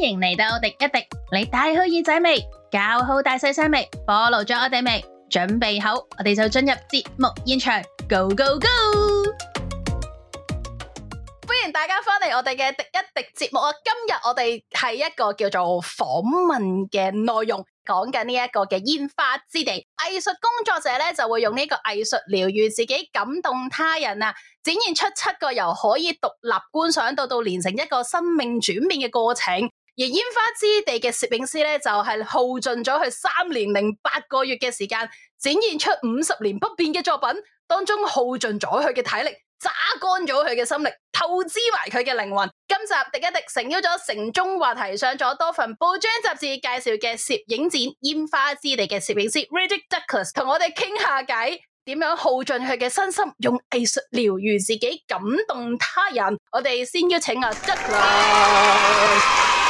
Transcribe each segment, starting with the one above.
歡迎嚟到廸一廸，你帶好耳仔未？搞好大細聲未？暴露咗我哋未？準備好，我哋就進入節目現場，Go Go Go！歡迎大家翻嚟我哋嘅廸一廸節目啊！今日我哋係一個叫做訪問嘅內容，講緊呢一個嘅煙花之地，藝術工作者咧就會用呢個藝術療愈自己，感動他人啊！展現出七個由可以獨立觀賞到到連成一個生命轉變嘅過程。而煙花之地嘅攝影師咧，就係、是、耗盡咗佢三年零八個月嘅時間，展現出五十年不變嘅作品，當中耗盡咗佢嘅體力，榨乾咗佢嘅心力，透支埋佢嘅靈魂。今集廸一廸誠邀咗城中話題上咗多份報章雜誌介紹嘅攝影展，煙花之地嘅攝影師 Riddick Douglas 同我哋傾下偈，點樣耗盡佢嘅身心，用藝術療癒自己，感動他人。我哋先邀請阿、啊、Douglas。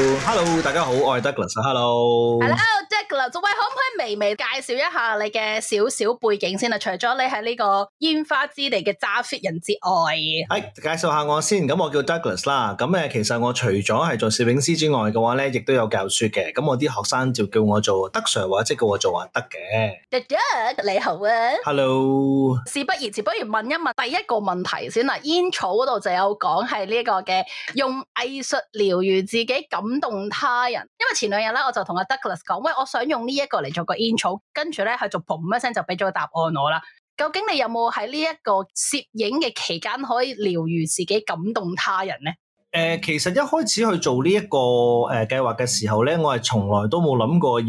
Hello，大家好，我係 Douglas。Hello，係啦，Douglas，各位可唔可以微微介紹一下你嘅少少背景先啊？除咗你喺呢個煙花之地嘅揸 fit 人之外，係、hey, 介紹下我先。咁我叫 Douglas 啦。咁誒、呃，其實我除咗係做攝影師之外嘅話咧，亦都有教書嘅。咁我啲學生就叫我做德 Sir，或者叫我做阿德嘅。Douglas，你好啊。Hello。事不宜遲，不如問一問第一個問題先啦、啊。intro 嗰度就有講，係呢個嘅用藝術療愈自己，感動。動他人，因為前兩日咧，我就同阿 Douglas 講，喂，我想用呢一個嚟做個 intro，跟住咧佢就 boom 一聲就俾咗個答案我啦。究竟你有冇喺呢一個攝影嘅期間可以療愈自己、感動他人咧？誒、呃，其實一開始去做呢、這、一個誒計劃嘅時候咧，我係從來都冇諗過要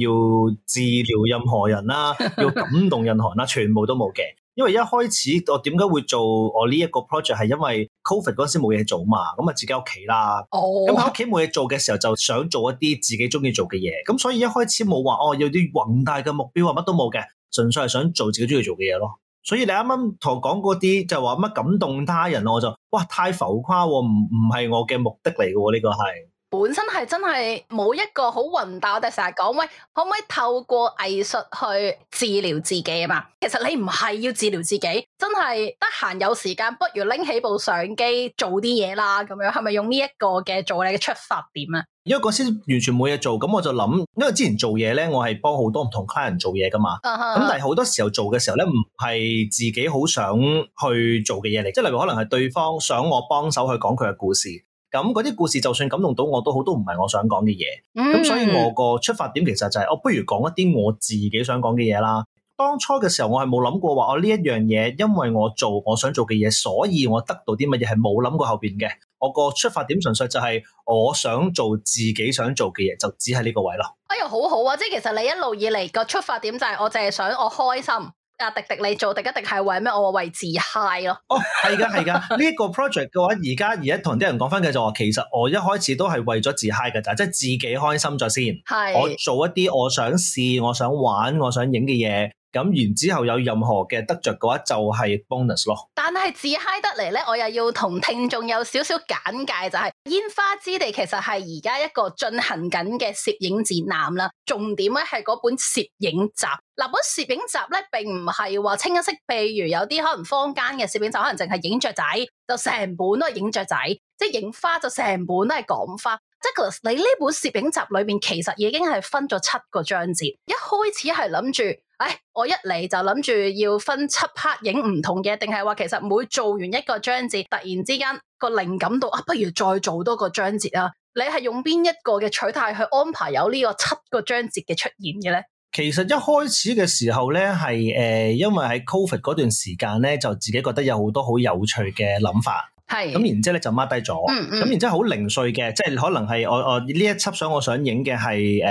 治療任何人啦、啊，要感動任何人啦、啊， 全部都冇嘅。因為一開始我點解會做我呢一個 project 係因為 COVID 嗰時冇嘢做嘛，咁啊自己屋企啦，咁喺屋企冇嘢做嘅時候就想做一啲自己中意做嘅嘢，咁所以一開始冇話哦有啲宏大嘅目標啊乜都冇嘅，純粹係想做自己中意做嘅嘢咯。所以你啱啱同我講嗰啲就話乜感動他人，我就哇太浮誇，唔唔係我嘅目的嚟嘅，呢個係。本身係真係冇一個好混，但我哋成日講喂，可唔可以透過藝術去治療自己啊？嘛，其實你唔係要治療自己，真係得閒有時間，不如拎起部相機做啲嘢啦，咁樣係咪用呢一個嘅做你嘅出發點啊？因為先完全冇嘢做，咁我就諗，因為之前做嘢咧，我係幫好多唔同 client 做嘢噶嘛，咁、uh huh. 但係好多時候做嘅時候咧，唔係自己好想去做嘅嘢嚟，即係例如可能係對方想我幫手去講佢嘅故事。咁嗰啲故事就算感動到我都好，都唔係我想講嘅嘢。咁、嗯、所以，我個出發點其實就係、是、我不如講一啲我自己想講嘅嘢啦。當初嘅時候我，我係冇諗過話我呢一樣嘢，因為我做我想做嘅嘢，所以我得到啲乜嘢係冇諗過後邊嘅。我個出發點純粹就係我想做自己想做嘅嘢，就只喺呢個位咯。哎呀，好好啊！即係其實你一路以嚟個出發點就係我，淨係想我開心。啊！迪迪，你做迪一定係為咩？我為自嗨 i 咯。哦，係噶，係噶。呢一 個 project 嘅話，而家而家同啲人講翻嘅就話，其實我一開始都係為咗自嗨 i 咋，即係自己開心咗先。係是。我做一啲我想試、我想玩、我想影嘅嘢。咁然之後有任何嘅得着嘅話，就係 bonus 咯。但係自嗨得嚟咧，我又要同聽眾有少少簡介，就係煙花之地其實係而家一個進行緊嘅攝影展覽啦。重點咧係嗰本攝影集。嗱、啊，本攝影集咧並唔係話清一色，譬如有啲可能坊間嘅攝影集可能淨係影雀仔，就成本都係影雀仔，即係影花就成本都係講花。即係，你呢本攝影集裏面，其實已經係分咗七個章節，一開始係諗住。哎、我一嚟就諗住要分七 part 影唔同嘅，定係話其實每做完一個章節，突然之間個靈感度，啊，不如再做多個章節啊？你係用邊一個嘅取態去安排有呢個七個章節嘅出現嘅咧？其實一開始嘅時候咧，係誒、呃，因為喺 Covid 嗰段時間咧，就自己覺得有好多好有趣嘅諗法，係咁是、嗯嗯，然之後咧就 mark 低咗，咁然之後好零碎嘅，即係可能係我我呢一輯想我想影嘅係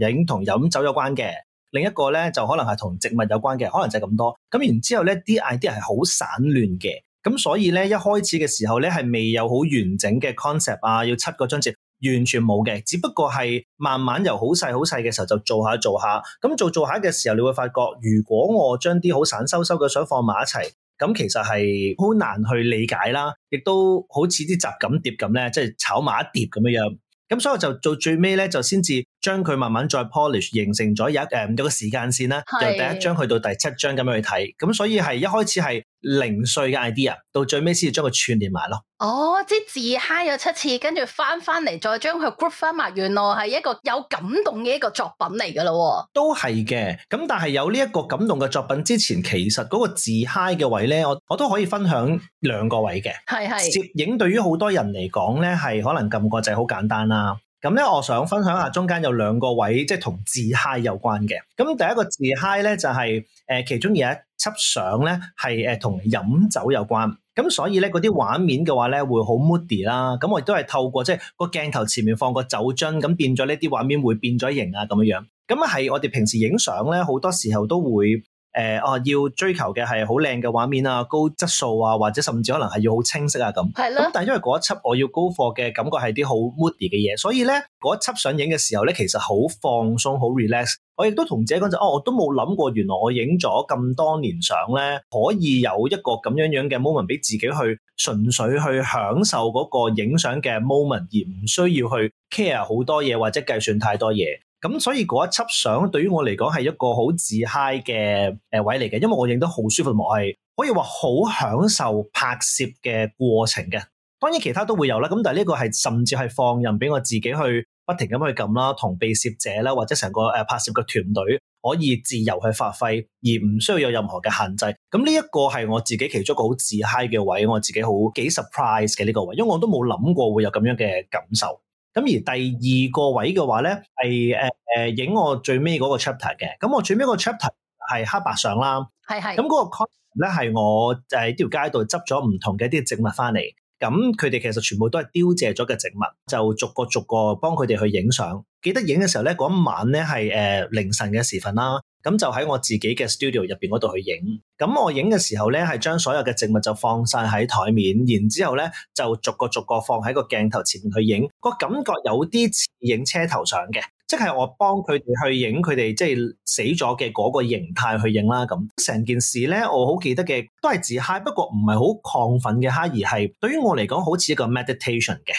誒影同飲酒有關嘅。另一個咧就可能係同植物有關嘅，可能就係咁多。咁然之後咧啲 idea 係好散亂嘅，咁所以咧一開始嘅時候咧係未有好完整嘅 concept 啊，要七個章節完全冇嘅，只不過係慢慢由好細好細嘅時候就做下做下。咁做做下嘅時候，你會發覺，如果我將啲好散收收嘅水放埋一齊，咁、嗯、其實係好難去理解啦，亦都好似啲雜錦碟咁咧，即係炒埋一碟咁樣。咁所以我就到最尾咧，就先至將佢慢慢再 polish，形成咗一誒有、嗯、個時間線啦。由第一章去到第七章咁樣去睇，咁所以係一開始係。零碎嘅 idea，到最尾先至將佢串連埋咯。哦，即自嗨咗七次，跟住翻翻嚟再將佢 group 翻埋，原來係一個有感動嘅一個作品嚟噶咯。都係嘅，咁但係有呢一個感動嘅作品之前，其實嗰個自嗨嘅位咧，我我都可以分享兩個位嘅。係係。攝影對於好多人嚟講咧，係可能撳個掣好簡單啦。咁咧，我想分享下中間有兩個位，即係同自嗨有關嘅。咁第一個自嗨 i 咧就係、是、誒其中有一輯相咧係，誒同飲酒有關。咁所以咧，嗰啲畫面嘅話咧會好 moody 啦。咁我亦都係透過即係、就是、個鏡頭前面放個酒樽，咁變咗呢啲畫面會變咗形啊咁樣樣。咁係我哋平時影相咧，好多時候都會。誒哦，要追求嘅係好靚嘅畫面啊，高質素啊，或者甚至可能係要好清晰啊咁。係咯。咁但係因為嗰一輯我要 go for 嘅感覺係啲好 moody 嘅嘢，所以咧嗰一輯想影嘅時候咧，其實好放鬆，好 relax。我亦都同自己講就哦，我都冇諗過原來我影咗咁多年相咧，可以有一個咁樣樣嘅 moment 俾自己去純粹去享受嗰個影相嘅 moment，而唔需要去 care 好多嘢或者計算太多嘢。咁所以嗰一輯相對於我嚟講係一個好自嗨嘅誒位嚟嘅，因為我影得好舒服，我係可以話好享受拍攝嘅過程嘅。當然其他都會有啦，咁但係呢個係甚至係放任俾我自己去不停咁去撳啦，同被攝者啦，或者成個誒拍攝嘅團隊可以自由去發揮，而唔需要有任何嘅限制。咁呢一個係我自己其中一個好自嗨嘅位，我自己好幾 surprise 嘅呢個位，因為我都冇諗過會有咁樣嘅感受。咁而第二個位嘅話咧，係誒誒影我最尾嗰個 chapter 嘅。咁我最尾個 chapter 係黑白相啦。係係是。咁嗰個 content 咧係我就喺條街度執咗唔同嘅一啲植物翻嚟。咁佢哋其實全部都係凋謝咗嘅植物，就逐個逐個幫佢哋去影相。記得影嘅時候咧，嗰一晚咧係誒凌晨嘅時分啦。咁就喺我自己嘅 studio 入邊嗰度去影。咁我影嘅時候咧，係將所有嘅植物就放晒喺台面，然之後咧就逐個逐個放喺個鏡頭前面去影。個感覺有啲似影車頭相嘅。即係我幫佢哋去影佢哋，即係死咗嘅嗰個形態去影啦。咁成件事咧，我好記得嘅都係自嗨，不過唔係好亢奮嘅嗨，而係對於我嚟講好似一個 meditation 嘅，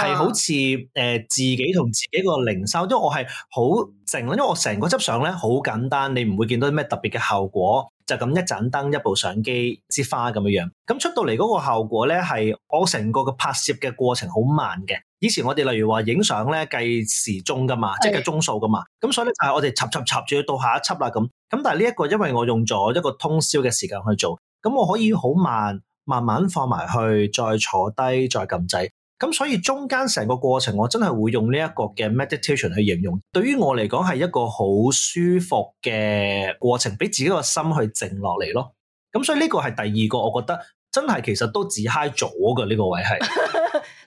係、oh. 好似誒、呃、自己同自己個靈修。因為我係好靜，因為我成個執相咧好簡單，你唔會見到咩特別嘅效果，就咁一盞燈、一部相機、枝花咁樣樣，咁出到嚟嗰個效果咧係我成個嘅拍攝嘅過程好慢嘅。以前我哋例如話影相咧計時鐘噶嘛，的即係計鐘數噶嘛。咁所以咧就係我哋插插插住要到下一輯啦咁。咁但係呢一個因為我用咗一個通宵嘅時間去做，咁我可以好慢慢慢放埋去，再坐低再撳掣。咁所以中間成個過程我真係會用呢一個嘅 meditation 去形容。對於我嚟講係一個好舒服嘅過程，俾自己個心去靜落嚟咯。咁所以呢個係第二個，我覺得真係其實都自嗨咗嘅呢個位係。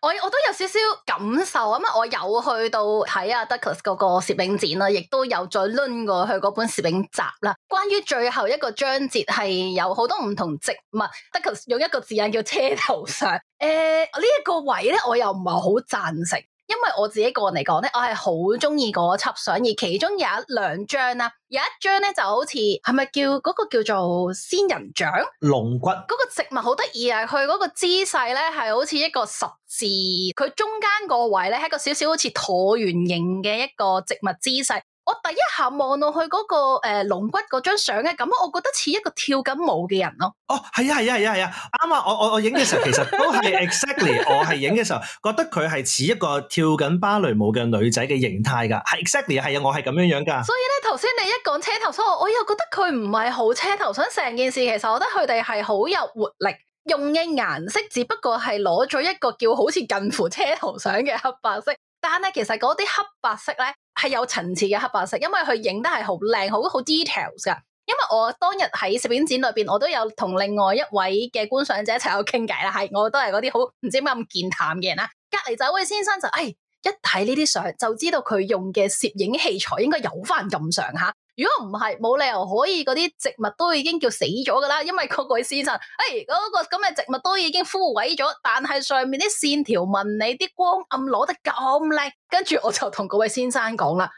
我我都有少少感受，咁啊，我有去到睇阿德克斯嗰個攝影展啦，亦都有再掄過去嗰本攝影集啦。關於最後一個章節，係有好多唔同植物，德克斯用一個字眼叫車頭相。誒，呢一個位咧，我又唔係好贊成。因為我自己個人嚟講咧，我係好中意嗰輯相，而其中有一兩張啦，有一張咧就好似係咪叫嗰個叫做仙人掌？龍骨？嗰個植物好得意啊！佢嗰個姿勢咧係好似一個十字，佢中間個位咧係一個少少好似橢圓形嘅一個植物姿勢。我第一下望到佢嗰個誒、呃、龍骨嗰張相咧，咁啊，我覺得似一個跳緊舞嘅人咯。哦，係啊，係啊，係啊，啱啊，啊！我我我影嘅時候，其實都係 exactly， 我係影嘅時候覺得佢係似一個跳緊芭蕾舞嘅女仔嘅形態噶，係 exactly，係啊，我係咁樣樣噶。所以咧，頭先你一講車頭相，我又覺得佢唔係好車頭相。成件事其實，我覺得佢哋係好有活力，用嘅顏色只不過係攞咗一個叫好似近乎車頭相嘅黑白色。但咧，其實嗰啲黑白色咧，係有層次嘅黑白色，因為佢影得係好靚，好好 details 噶。因為我當日喺攝影展裏邊，我都有同另外一位嘅觀賞者一齊有傾偈啦，係我都係嗰啲好唔知點解咁健談嘅人啦。隔籬就位先生就，誒、哎、一睇呢啲相就知道佢用嘅攝影器材應該有翻咁上下。」如果唔係，冇理由可以嗰啲植物都已經叫死咗噶啦。因為嗰位先生，哎，嗰、嗰個咁嘅、嗰個嗰個、植物都已經枯萎咗，但係上面啲綫條紋，你啲光暗攞得咁靚，跟住我就同嗰位先生講啦，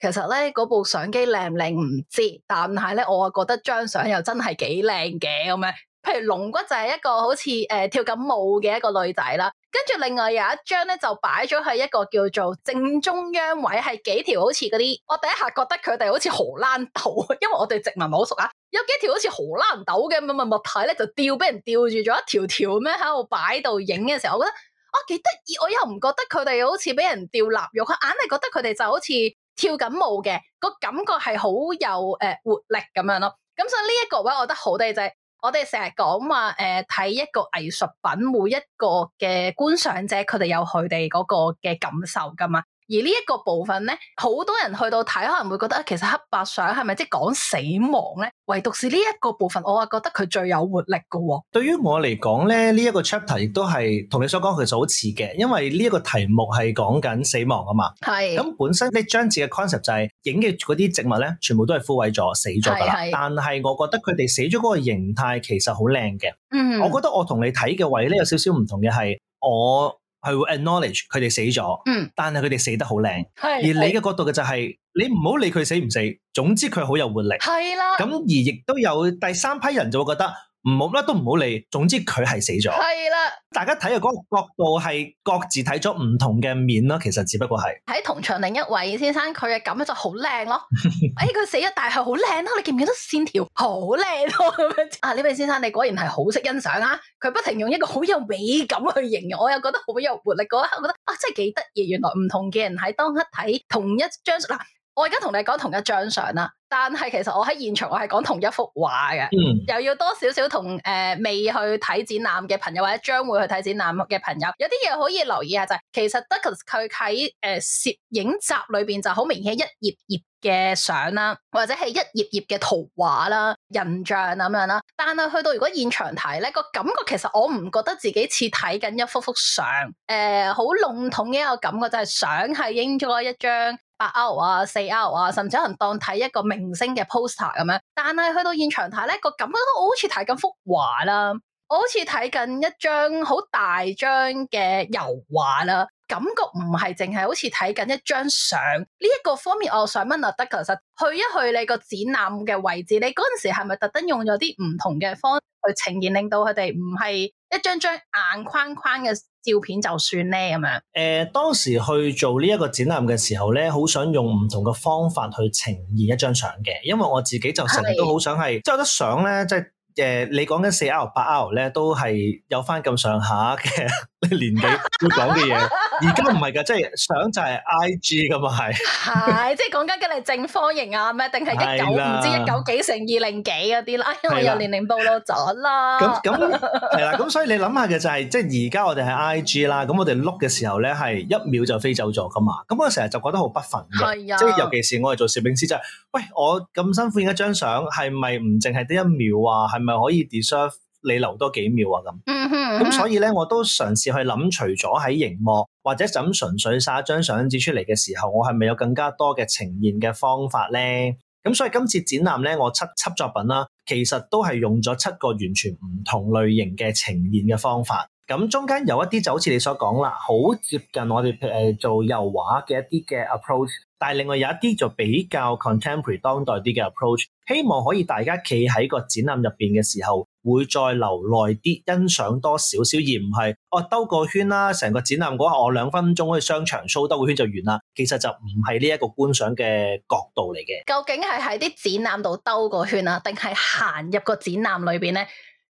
其實咧嗰部相機靚唔靚唔知，但係咧我啊覺得張相又真係幾靚嘅咁樣，譬如龍骨就係一個好似誒、呃、跳緊舞嘅一個女仔啦。跟住另外有一張咧，就擺咗喺一個叫做正中央位，係幾條好似嗰啲，我第一下覺得佢哋好似荷蘭豆，因為我對植物唔係好熟啊。有幾條好似荷蘭豆嘅咁樣物體咧，就吊俾人吊住咗一條條咩喺度擺度影嘅時候，我覺得啊幾得意，我又唔覺得佢哋好似俾人吊臘肉，硬係覺得佢哋就好似跳緊舞嘅，個感覺係好有誒活力咁樣咯。咁所以呢一個位我覺得好地滯。我哋成日講話，誒、呃、睇一個藝術品，每一個嘅觀賞者，佢哋有佢哋嗰個嘅感受噶嘛。而呢一個部分咧，好多人去到睇可能會覺得其實黑白相係咪即係講死亡咧？唯獨是呢一個部分，我啊覺得佢最有活力嘅喎、哦。對於我嚟講咧，呢、這、一個 chapter 亦都係同你所講其實好似嘅，因為呢一個題目係講緊死亡啊嘛。係是。咁本身呢張字嘅 concept 就係影嘅嗰啲植物咧，全部都係枯萎咗、死咗㗎啦。是是。但係我覺得佢哋死咗嗰個形態其實好靚嘅。嗯。我覺得我你同你睇嘅位咧有少少唔同嘅係我。佢會 acknowledge 佢哋死咗。嗯、但係佢哋死得好靚。是而你嘅角度嘅就係、是，的你唔好理佢死唔死，總之佢好有活力。係啦的，咁而亦都有第三批人就會覺得。唔好啦，都唔好理。總之佢係死咗。係啦的，大家睇嘅嗰個角度係各自睇咗唔同嘅面啦。其實只不過係喺同場另一位先生，佢嘅感覺就好靚咯。 哎，佢死咗，但係好靚咯。你見唔見到線條好靚咯？咁 樣啊，呢位先生你果然係好識欣賞啊。佢不停用一個好有美感去形容，我又覺得好有活力，我覺得啊真係幾得意。原來唔同嘅人喺當刻睇同一張嗱、啊，我而家同你講同一張相啦。但係其實我喺現場，我係講同一幅畫嘅，嗯、又要多少少同誒未去睇展覽嘅朋友或者將會去睇展覽嘅朋友，有啲嘢可以留意下就係、是，其實 Douglas 佢喺誒、呃、攝影集裏邊就好明顯一頁頁嘅相啦，或者係一頁頁嘅圖畫啦、印象咁樣啦。但係去到如果現場睇咧，個感覺其實我唔覺得自己似睇緊一幅幅相，誒、呃、好籠統嘅一個感覺就係相係影咗一張，八 R 啊，四 R 啊，甚至可能當睇一個明星嘅 poster 咁樣，但係去到現場睇咧個感覺，我好似睇緊幅畫啦，我好似睇緊一張好大張嘅油畫啦，感覺唔係淨係好似睇緊一張相。呢一個方面，我想問阿德哥，其實去一去你個展覽嘅位置，你嗰陣時係咪特登用咗啲唔同嘅方？去呈現令到佢哋唔係一張張眼框框嘅照片就算咧咁樣。誒、呃、當時去做呢一個展覽嘅時候咧，好想用唔同嘅方法去呈現一張相嘅，因為我自己就成日都好想係，的即係有得相咧，即係。誒，你講緊四 L 八 L 咧，都係有翻咁上下嘅年紀要講嘅嘢。而家唔係噶，即係相就係 I G 咁啊係。係，即係講緊嘅你正方形啊咩？定係一九唔知一九幾乘二零幾嗰啲啦？因為又年齡暴露咗啦。咁咁係啦，咁所以你諗下嘅就係，即係而家我哋係 I G 啦。咁我哋碌嘅時候咧，係一秒就飛走咗噶嘛。咁我成日就覺得好不忿嘅。係啊。即係尤其是我係做攝影師，就係喂，我咁辛苦影一張相，係咪唔淨係得一秒啊？係。咪可以 deserve 你留多，多幾秒啊咁，咁、mm hmm, 嗯、所以咧，我都嘗試去諗，除咗喺熒幕或者就咁純粹曬一張相紙出嚟嘅時候，我係咪有更加多嘅呈現嘅方法咧？咁所以今次展覽咧，我七輯作品啦、啊，其實都係用咗七個完全唔同類型嘅呈現嘅方法。咁中間有一啲就好似你所講啦，好接近我哋誒、呃、做油畫嘅一啲嘅 approach。但係另外有一啲就比較 contemporary 當代啲嘅 approach，希望可以大家企喺個展覽入邊嘅時候，會再留耐啲欣賞多少少，而唔係哦兜個圈啦，成個展覽嗰下我兩分鐘去商場 show 兜個圈就完啦，其實就唔係呢一個觀賞嘅角度嚟嘅。究竟係喺啲展覽度兜個圈啊，定係行入個展覽裏邊咧？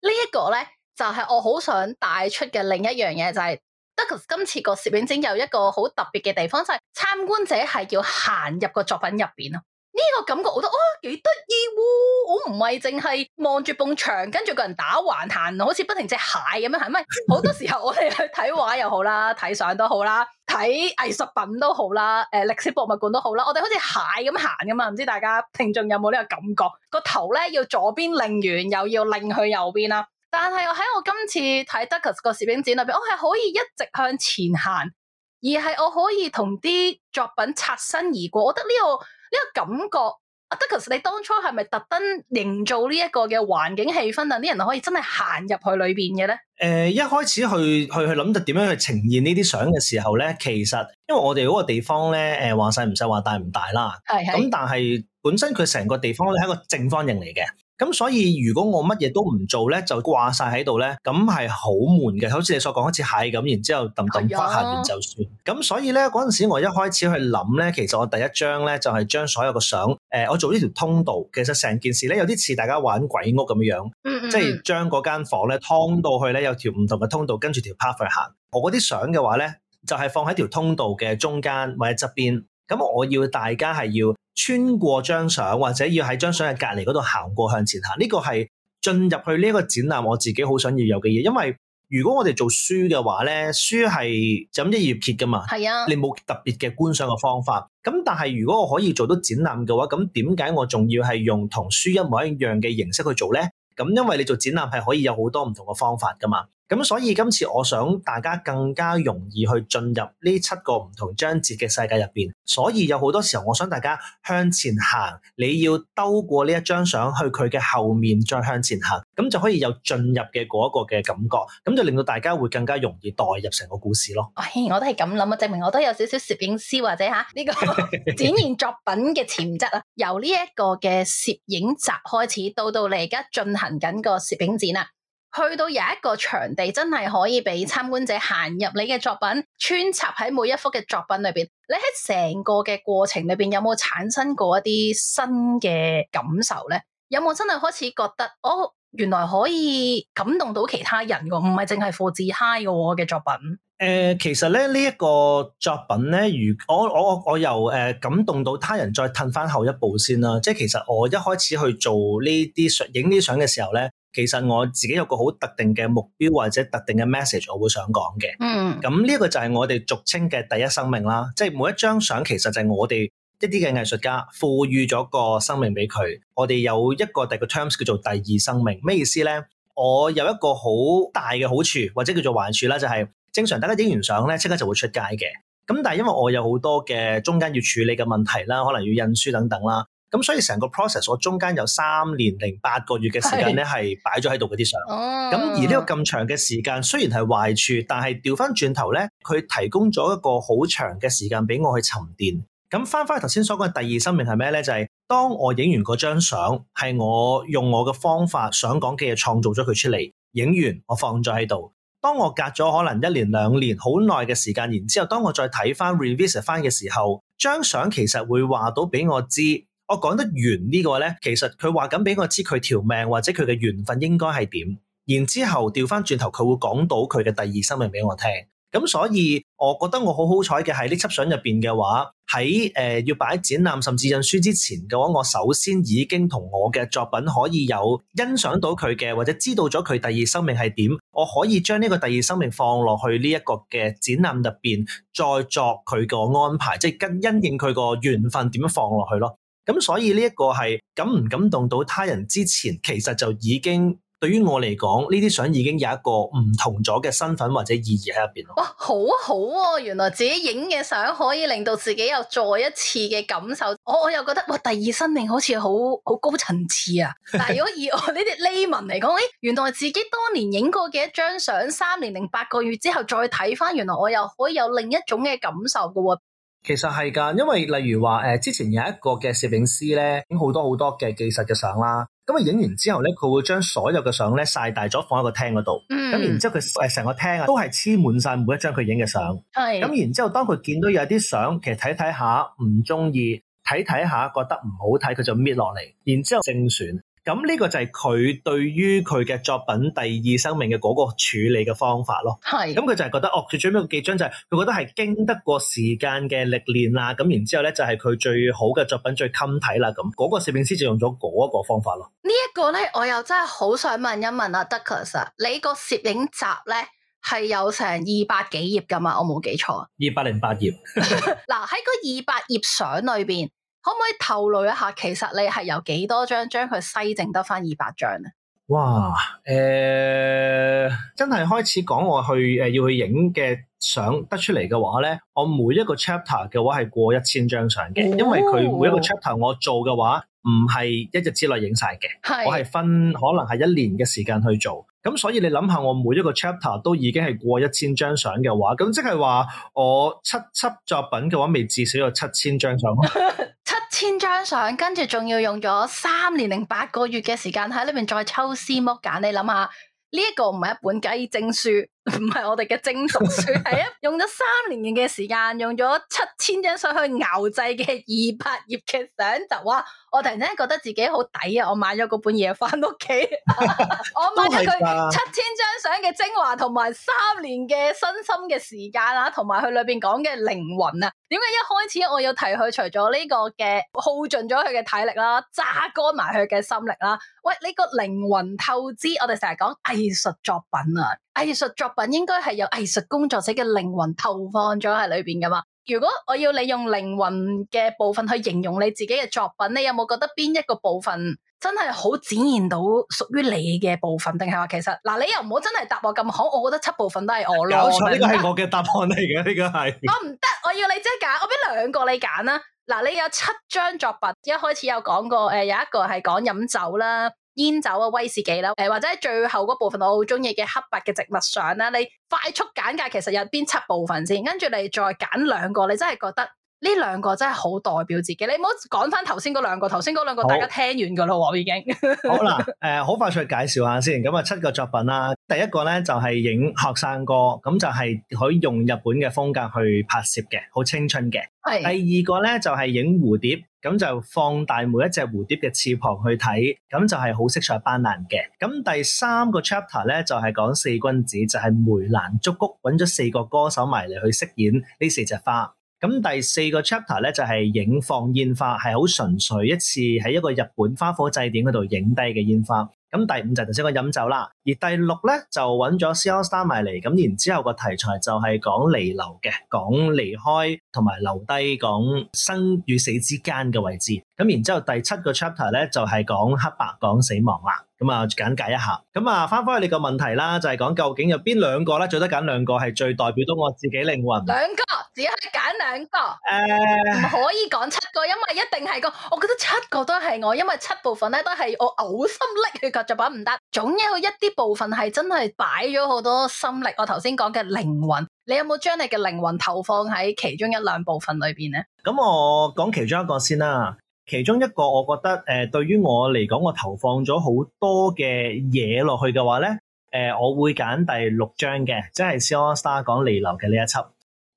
呢一個咧就係我好想帶出嘅另一樣嘢就係。今次個攝影展有一個好特別嘅地方，就係、是、參觀者係要行入個作品入邊咯。呢、這個感覺我覺得哇幾得意喎！我唔係淨係望住埲牆，跟住個人打橫行，好似不停隻蟹咁樣行。咪好 多時候我哋去睇畫又好啦，睇相都好啦，睇藝術品都好啦，誒、呃、歷史博物館都好啦，我哋好似蟹咁行㗎嘛。唔知大家聽眾有冇呢個感覺？個頭咧要左邊擰完，又要擰去右邊啦。但係我喺我今次睇 Douglas 個攝影展裏邊，我係可以一直向前行，而係我可以同啲作品擦身而過。我覺得呢、這個呢、這個感覺，阿 Douglas 你當初係咪特登營造呢一個嘅環境氣氛，等啲人可以真係行入去裏邊嘅咧？誒、呃，一開始去去去諗就點樣去呈現呢啲相嘅時候咧，其實因為我哋嗰個地方咧，誒、呃，話細唔細，話大唔大啦。係咁，但係本身佢成個地方咧係一個正方形嚟嘅。咁、嗯、所以如果我乜嘢都唔做咧，就掛晒喺度咧，咁係好悶嘅，好似你所講，好似蟹咁，然之後掟掟翻下面就算。咁、哎呀嗯、所以咧嗰陣時，我一開始去諗咧，其實我第一張咧就係、是、將所有嘅相，誒、呃，我做呢條通道，其實成件事咧有啲似大家玩鬼屋咁樣，即係將嗰間房咧劏到去咧有條唔同嘅通道，跟住條 path 去行。我嗰啲相嘅話咧，就係、是、放喺條通道嘅中間或者側邊，咁我要大家係要。穿過張相或者要喺張相嘅隔籬嗰度行過，向前行，呢個係進入去呢一個展覽，我自己好想要有嘅嘢。因為如果我哋做書嘅話咧，書係就咁一頁揭噶嘛，係啊，你冇特別嘅觀賞嘅方法。咁但係如果我可以做到展覽嘅話，咁點解我仲要係用同書一模一樣嘅形式去做咧？咁因為你做展覽係可以有好多唔同嘅方法噶嘛。咁所以今次我想大家更加容易去進入呢七個唔同章節嘅世界入邊，所以有好多時候，我想大家向前行，你要兜過呢一張相去佢嘅後面再向前行，咁就可以有進入嘅嗰一個嘅感覺，咁就令到大家會更加容易代入成個故事咯。哎，我都係咁諗啊，證明我都有少少攝影師或者吓呢個 展現作品嘅潛質啊！由呢一個嘅攝影集開始，到到你而家進行緊個攝影展啦。去到有一個場地，真係可以俾參觀者行入你嘅作品，穿插喺每一幅嘅作品裏邊。你喺成個嘅過程裏邊，有冇產生過一啲新嘅感受咧？有冇真係開始覺得，哦，原來可以感動到其他人㗎？唔係淨係富自嗨嘅我嘅作品。誒、呃，其實咧呢一、這個作品咧，如我我我由誒、呃、感動到他人，再褪翻後一步先啦。即係其實我一開始去做呢啲影啲相嘅時候咧。其實我自己有個好特定嘅目標或者特定嘅 message，我會想講嘅。嗯，咁呢個就係我哋俗稱嘅第一生命啦，即係每一張相其實就係我哋一啲嘅藝術家賦予咗個生命俾佢。我哋有一個第二個 terms 叫做第二生命，咩意思咧？我有一個好大嘅好處或者叫做壞處啦，就係正常大家影完相咧，即刻就會出街嘅。咁但係因為我有好多嘅中間要處理嘅問題啦，可能要印書等等啦。咁所以成個 process，ing, 我中間有三年零八個月嘅時間咧，係擺咗喺度嗰啲相。咁 而呢個咁長嘅時間，雖然係壞處，但係調翻轉頭咧，佢提供咗一個好長嘅時間俾我去沉澱。咁翻返去頭先所講嘅第二生命係咩咧？就係、是、當我影完嗰張相，係我用我嘅方法想講嘅嘢創造咗佢出嚟，影完我放咗喺度。當我隔咗可能一年兩年好耐嘅時間，然之後當我再睇翻 review 翻嘅時候，張相其實會話到俾我知。我講得完呢個咧，其實佢話緊俾我知佢條命或者佢嘅緣分應該係點，然之後調翻轉頭佢會講到佢嘅第二生命俾我聽。咁所以，我覺得我好好彩嘅係呢輯相入邊嘅話，喺誒要擺展覽甚至印書之前嘅話，我首先已經同我嘅作品可以有欣賞到佢嘅，或者知道咗佢第二生命係點，我可以將呢個第二生命放落去呢一個嘅展覽入邊，再作佢個安排，即係跟因應佢個緣分點樣放落去咯。咁所以呢一個係感唔感動到他人之前，其實就已經對於我嚟講，呢啲相已經有一個唔同咗嘅身份或者意義喺入邊咯。哇，好好喎！原來自己影嘅相可以令到自己有再一次嘅感受。我我又覺得，哇，第二生命好似好好高層次啊！但係如果以我呢啲 layman 嚟講，誒，原來自己多年影過嘅一張相，三年零八個月之後再睇翻，原來我又可以有另一種嘅感受嘅喎。其實係㗎，因為例如話誒，之前有一個嘅攝影師咧，影好多好多嘅技術嘅相啦。咁啊，影完之後咧，佢會將所有嘅相咧晒大咗，放喺個廳嗰度。咁、嗯、然之後佢誒成個廳啊，都係黐滿晒每一張佢影嘅相。係的。咁然之後，當佢見到有啲相，其實睇睇下唔中意，睇睇下覺得唔好睇，佢就搣落嚟。然之後正選。咁呢個就係佢對於佢嘅作品第二生命嘅嗰個處理嘅方法咯。係是。咁佢、嗯、就係覺得，哦，最尾嗰幾張就係佢覺得係經得過時間嘅歷練啦。咁然之後咧，就係佢最好嘅作品最襟睇啦。咁嗰個攝影師就用咗嗰一個方法咯。呢一個咧，我又真係好想問一問啊—— Douglas 啊，你個攝影集咧係有成二百幾頁噶嘛？我冇記錯。二百零八頁。嗱， 喺個二百頁相裏邊。可唔可以透露一下，其實你係有幾多張將佢篩淨得翻，二百張咧？張，哇，誒、呃，真係開始講我去誒、呃，要去影嘅相得出嚟嘅話咧，我每一個 chapter 嘅話係過一千張相嘅，因為佢每一個 chapter 我做嘅話唔係一日之內影晒嘅，是我係分可能係一年嘅時間去做。咁所以你諗下，我每一個 chapter 都已經係過一千張相嘅話，咁即係話我七輯作品嘅話，未至少有七千張相。 千張相，跟住仲要用咗三年零八個月嘅時間喺裏邊再抽絲剝繭，er, 你諗下呢一個唔係一本雞精書。唔係我哋嘅精熟水，係用咗三年嘅時間，用咗七千張相去熬製嘅二百頁嘅相就，哇！我突然間覺得自己好抵啊！我買咗嗰本嘢，翻屋企， 我買咗佢七千張相嘅精華，同埋三年嘅身心嘅時間啊，同埋佢裏邊講嘅靈魂啊。點解一開始我要提佢？除咗呢個嘅耗盡咗佢嘅體力啦，榨乾埋佢嘅心力啦。喂，呢、這個靈魂透支，我哋成日講藝術作品啊，藝術作。應該係有藝術工作者嘅靈魂投放咗喺裏邊噶嘛？如果我要你用靈魂嘅部分去形容你自己嘅作品，你有冇覺得邊一個部分真係好展現到屬於你嘅部分？定係話其實嗱，你又唔好真係答我咁好，我覺得七部分都係我咯。有呢個係我嘅就答案嚟嘅，呢個係。是我唔得，我要你即係揀，我俾兩個你揀啦。嗱，你有七張作品，一開始有講過，誒、呃，有一個係講飲酒啦。煙酒啊，威士忌啦，誒、呃，或者最後嗰部分我好中意嘅黑白嘅植物相啦，你快速揀架其實有邊七部分先，跟住你再揀兩個，你真係覺得。呢兩個真係好代表自己，你唔好講翻頭先嗰兩個。頭先嗰兩個大家聽完噶啦，好我已經 好嗱誒，好、呃、快出去介紹下先。咁啊，七個作品啦，第一個咧就係、是、影學生歌，咁就係可以用日本嘅風格去拍攝嘅，好青春嘅。係是第二個咧就係、是、影蝴蝶，咁就放大每一隻蝴蝶嘅翅膀去睇，咁就係好色彩斑斕嘅。咁第三個 chapter 咧就係、是、講四君子，就係、是、梅蘭竹菊，揾咗四個歌手埋嚟去飾演呢四隻花。咁第四個 chapter 咧就係影放煙花，係好純粹一次喺一個日本花火祭典嗰度影低嘅煙花。咁第五就頭先講飲酒啦，而第六咧就揾咗 COSMA 埋嚟，咁然之後個題材就係講離留嘅，講離開同埋留低講生與死之間嘅位置。咁然之後第七個 chapter 咧就係講黑白講死亡啦，咁啊簡介一下，咁啊翻返去你個問題啦，就係、是、講究竟有邊兩個咧，最多揀兩個係最代表到我自己靈魂？兩個，只可以揀兩個，誒、呃，唔可以講七個，因為一定係個，我覺得七個都係我，因為七部分咧都係我嘔心瀝血嘅作品唔得，總有一啲部分係真係擺咗好多心力。我頭先講嘅靈魂，你有冇將你嘅靈魂投放喺其中一兩部分裏邊咧？咁我講其中一個先啦。其中一個我覺得誒、對於我嚟講，我投放咗好多嘅嘢落去嘅話咧，誒、我會揀第六章嘅，即係 Star 講離留嘅呢一輯。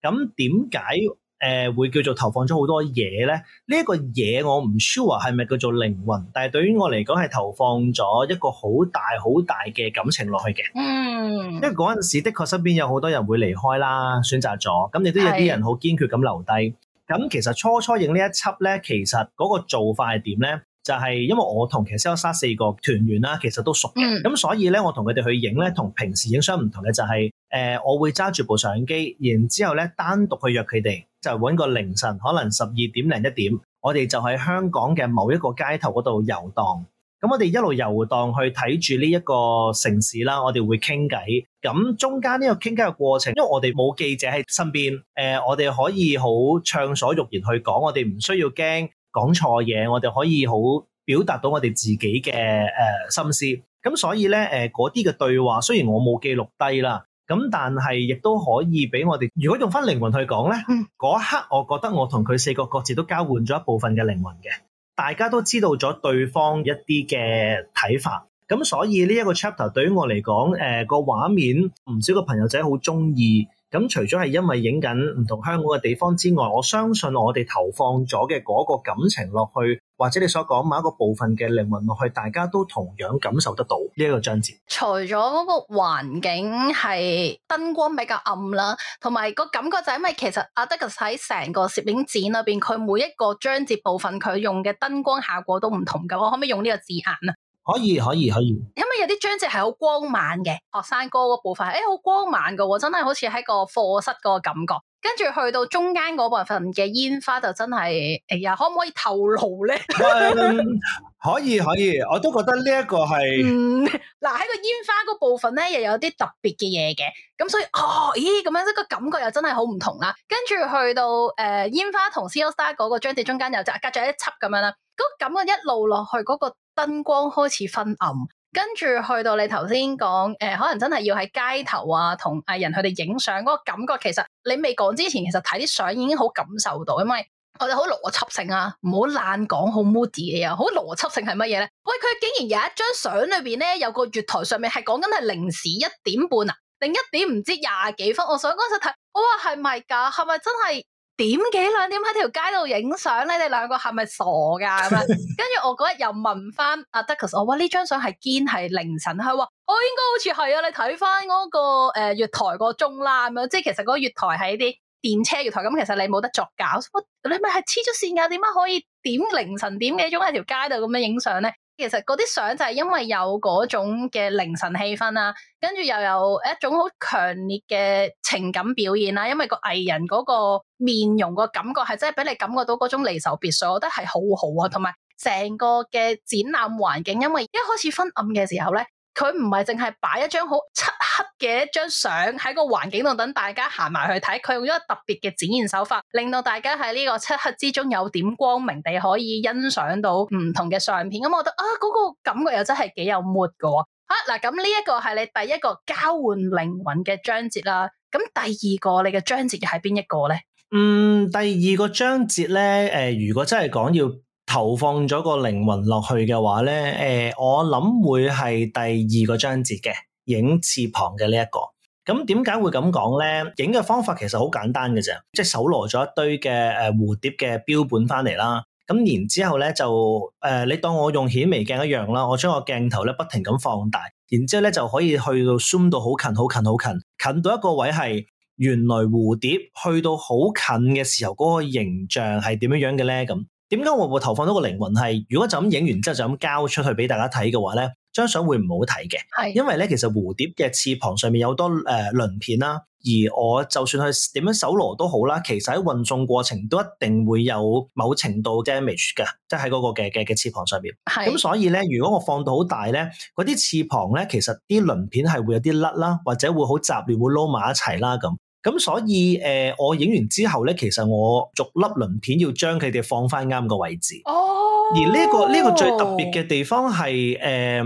咁點解誒會叫做投放咗好多嘢咧？呢一個嘢我唔 sure 係咪叫做靈魂，但係對於我嚟講係投放咗一個好大好大嘅感情落去嘅。嗯，因為嗰陣時的確身邊有好多人會離開啦，選擇咗，咁亦都有啲人好堅決咁留低。咁其實初初影呢一輯咧，其實嗰個做法係點咧？就係、是、因為我同其實莎莎四個團員啦，其實都熟嘅，咁、嗯、所以咧，我同佢哋去影咧，同平時影相唔同嘅就係、是，誒、呃，我會揸住部相機，然之後咧，單獨去約佢哋，就揾、是、個凌晨，可能十二點零一點，我哋就喺香港嘅某一個街頭嗰度遊蕩。咁我哋一路遊蕩去睇住呢一個城市啦，我哋會傾偈。咁中間呢個傾偈嘅過程，因為我哋冇記者喺身邊，誒、呃，我哋可以好暢所欲言去講，我哋唔需要驚講錯嘢，我哋可以好表達到我哋自己嘅誒、呃、心思。咁所以咧，誒嗰啲嘅對話，雖然我冇記錄低啦，咁但係亦都可以俾我哋。如果用翻靈魂去講咧，嗰一刻，我覺得我同佢四個各自都交換咗一部分嘅靈魂嘅。大家都知道咗對方一啲嘅睇法，咁所以呢一個 chapter 對於我嚟講，誒、呃、個畫面唔少嘅朋友仔好中意。咁除咗係因為影緊唔同香港嘅地方之外，我相信我哋投放咗嘅嗰個感情落去，或者你所講某一個部分嘅靈魂落去，大家都同樣感受得到呢一個章節。除咗嗰個環境係燈光比較暗啦，同埋個感覺就係因為其實阿德克斯喺成個攝影展裏邊，佢每一個章節部分佢用嘅燈光效果都唔同㗎。我可唔可以用呢個字眼啊？可以，可以，可以。因為有啲章節係好光猛嘅，學生哥嗰部分誒好、欸、光猛嘅，真係好似喺個課室嗰個感覺。跟住去到中間嗰部分嘅煙花就真係，哎呀，可唔可以透露咧、 嗯？可以，可以，我都覺得呢一個係，嗯，嗱喺個煙花嗰部分咧，又有啲特別嘅嘢嘅，咁所以哦，咦，咁樣即個感覺又真係好唔同啦、啊。跟住去到誒煙、呃、花同《Super Star》嗰個章節中間又就隔咗一輯咁樣啦，嗰、那個、感覺一路落去嗰、那個。燈光開始昏暗，跟住去到你頭先講，誒、呃，可能真係要喺街頭啊，同藝人佢哋影相嗰個感覺。其實你未講之前，其實睇啲相已經好感受到，因為我哋好邏輯性啊，唔好爛講好 moody 啊。好邏輯性係乜嘢咧？喂，佢竟然有一張相裏邊咧，有個月台上面係講緊係零時一點半啊，定一點唔知廿幾分，我想嗰陣睇，我話係咪噶？係咪真係？點幾兩點喺條街度影相？你哋兩個係咪傻噶？咁樣跟住我嗰日又問翻阿 Douglas，我話呢張相係堅係凌晨，佢話我應該好似係啊。你睇翻嗰個誒月台個鐘啦，咁樣即係其實嗰個月台係啲電車月台，咁其實你冇得作搞。你咪係黐咗線噶？點解可以點凌晨點幾鐘喺條街度咁樣影相咧？其實嗰啲相就係因為有嗰種嘅凌晨氣氛啊，跟住又有一種好強烈嘅情感表現啦、啊。因為個藝人嗰個面容個感覺係真係俾你感覺到嗰種離愁別緒，我覺得係好好啊。同埋成個嘅展覽環境，因為一開始昏暗嘅時候咧。佢唔係淨係擺一張好漆黑嘅一張相喺個環境度等大家行埋去睇，佢用咗個特別嘅展現手法，令到大家喺呢個漆黑之中有點光明地可以欣賞到唔同嘅相片。咁、嗯、我覺得啊，嗰、那個感覺又真係幾有 mood 㗎。吓、啊、嗱，咁呢一個係你第一個交換靈魂嘅章節啦。咁第二個你嘅章節又係邊一個咧？嗯，第二個章節咧，誒、呃，如果真係講要。投放咗個靈魂落去嘅話咧，誒、呃，我諗會係第二個章節嘅影翅膀嘅呢一個。咁點解會咁講咧？影嘅方法其實好簡單嘅啫，即係手攞咗一堆嘅誒蝴蝶嘅標本翻嚟啦。咁然之後咧就誒、呃，你當我用顯微鏡一樣啦，我將個鏡頭咧不停咁放大，然之後咧就可以去到 zoom 到好近、好近、好近，近到一個位係原來蝴蝶去到好近嘅時候嗰個形象係點樣樣嘅咧？咁。點解我會投放到個靈魂係？如果就咁影完之後就咁交出去俾大家睇嘅話咧，張相會唔好睇嘅。係是，因為咧其實蝴蝶嘅翅膀上面有好多誒鱗、呃、片啦、啊,而我就算去點樣搜羅都好啦,其實喺運送過程都一定會有某程度 damage 嘅，即係嗰個嘅嘅嘅翅膀上面。係是，咁、嗯、所以咧，如果我放到好大咧，嗰啲翅膀咧，其實啲鱗片係會有啲甩啦,或者會好雜亂,會撈埋一齊啦咁。咁所以誒、呃，我影完之後咧，其實我逐粒輪片要將佢哋放翻啱個位置。哦。而呢、呢個呢、呢個最特別嘅地方係誒、呃，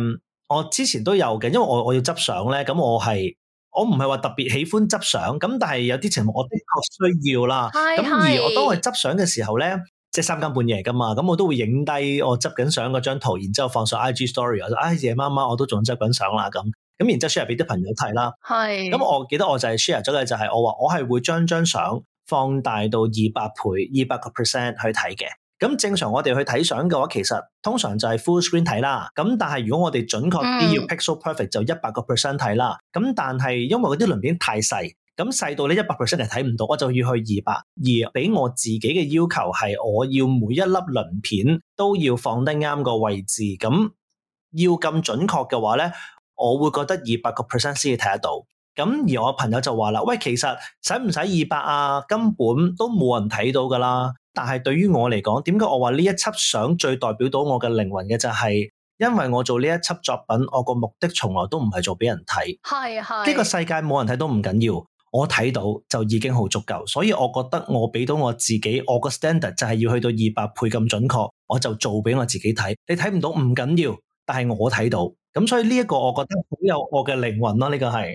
我之前都有嘅，因為我要我要執相咧，咁我係我唔係話特別喜歡執相，咁但係有啲情況，我的確需要啦。係咁是而我當我執相嘅時候咧，即、就、係、是、三更半夜㗎嘛，咁我都會影低我執緊相嗰張圖，然之後放上 I G Story，我就唉，夜媽媽，我都仲執緊相啦咁。咁然之後 share 俾啲朋友睇啦。係是。咁、嗯、我記得我就係 share 咗嘅，就係我話我係會將張相放大到二百倍、二百個 percent 去睇嘅。咁正常我哋去睇相嘅話，其實通常就係 full screen 睇啦。咁但係如果我哋準確啲、嗯、要 pixel perfect 就一百個 percent 睇啦。咁但係因為嗰啲輪片太細，咁細到你一百 percent 係睇唔到，我就要去二百。而俾我自己嘅要求係，我要每一粒輪片都要放得啱個位置。咁要咁準確嘅話咧。我會覺得二百個 percent 先至睇得到，咁而我朋友就話啦：「喂，其實使唔使二百啊？根本都冇人睇到噶啦。」但係對於我嚟講，點解我話呢一輯相最代表到我嘅靈魂嘅就係，因為我做呢一輯作品，我個目的從來都唔係做俾人睇。係係是。呢個世界冇人睇都唔緊要，我睇到就已經好足夠。所以我覺得我俾到我自己，我個 standard 就係要去到二百倍咁準確，我就做俾我自己睇。你睇唔到唔緊要。但係我睇到，咁所以呢一個我覺得好有我嘅靈魂咯、啊、呢、這個係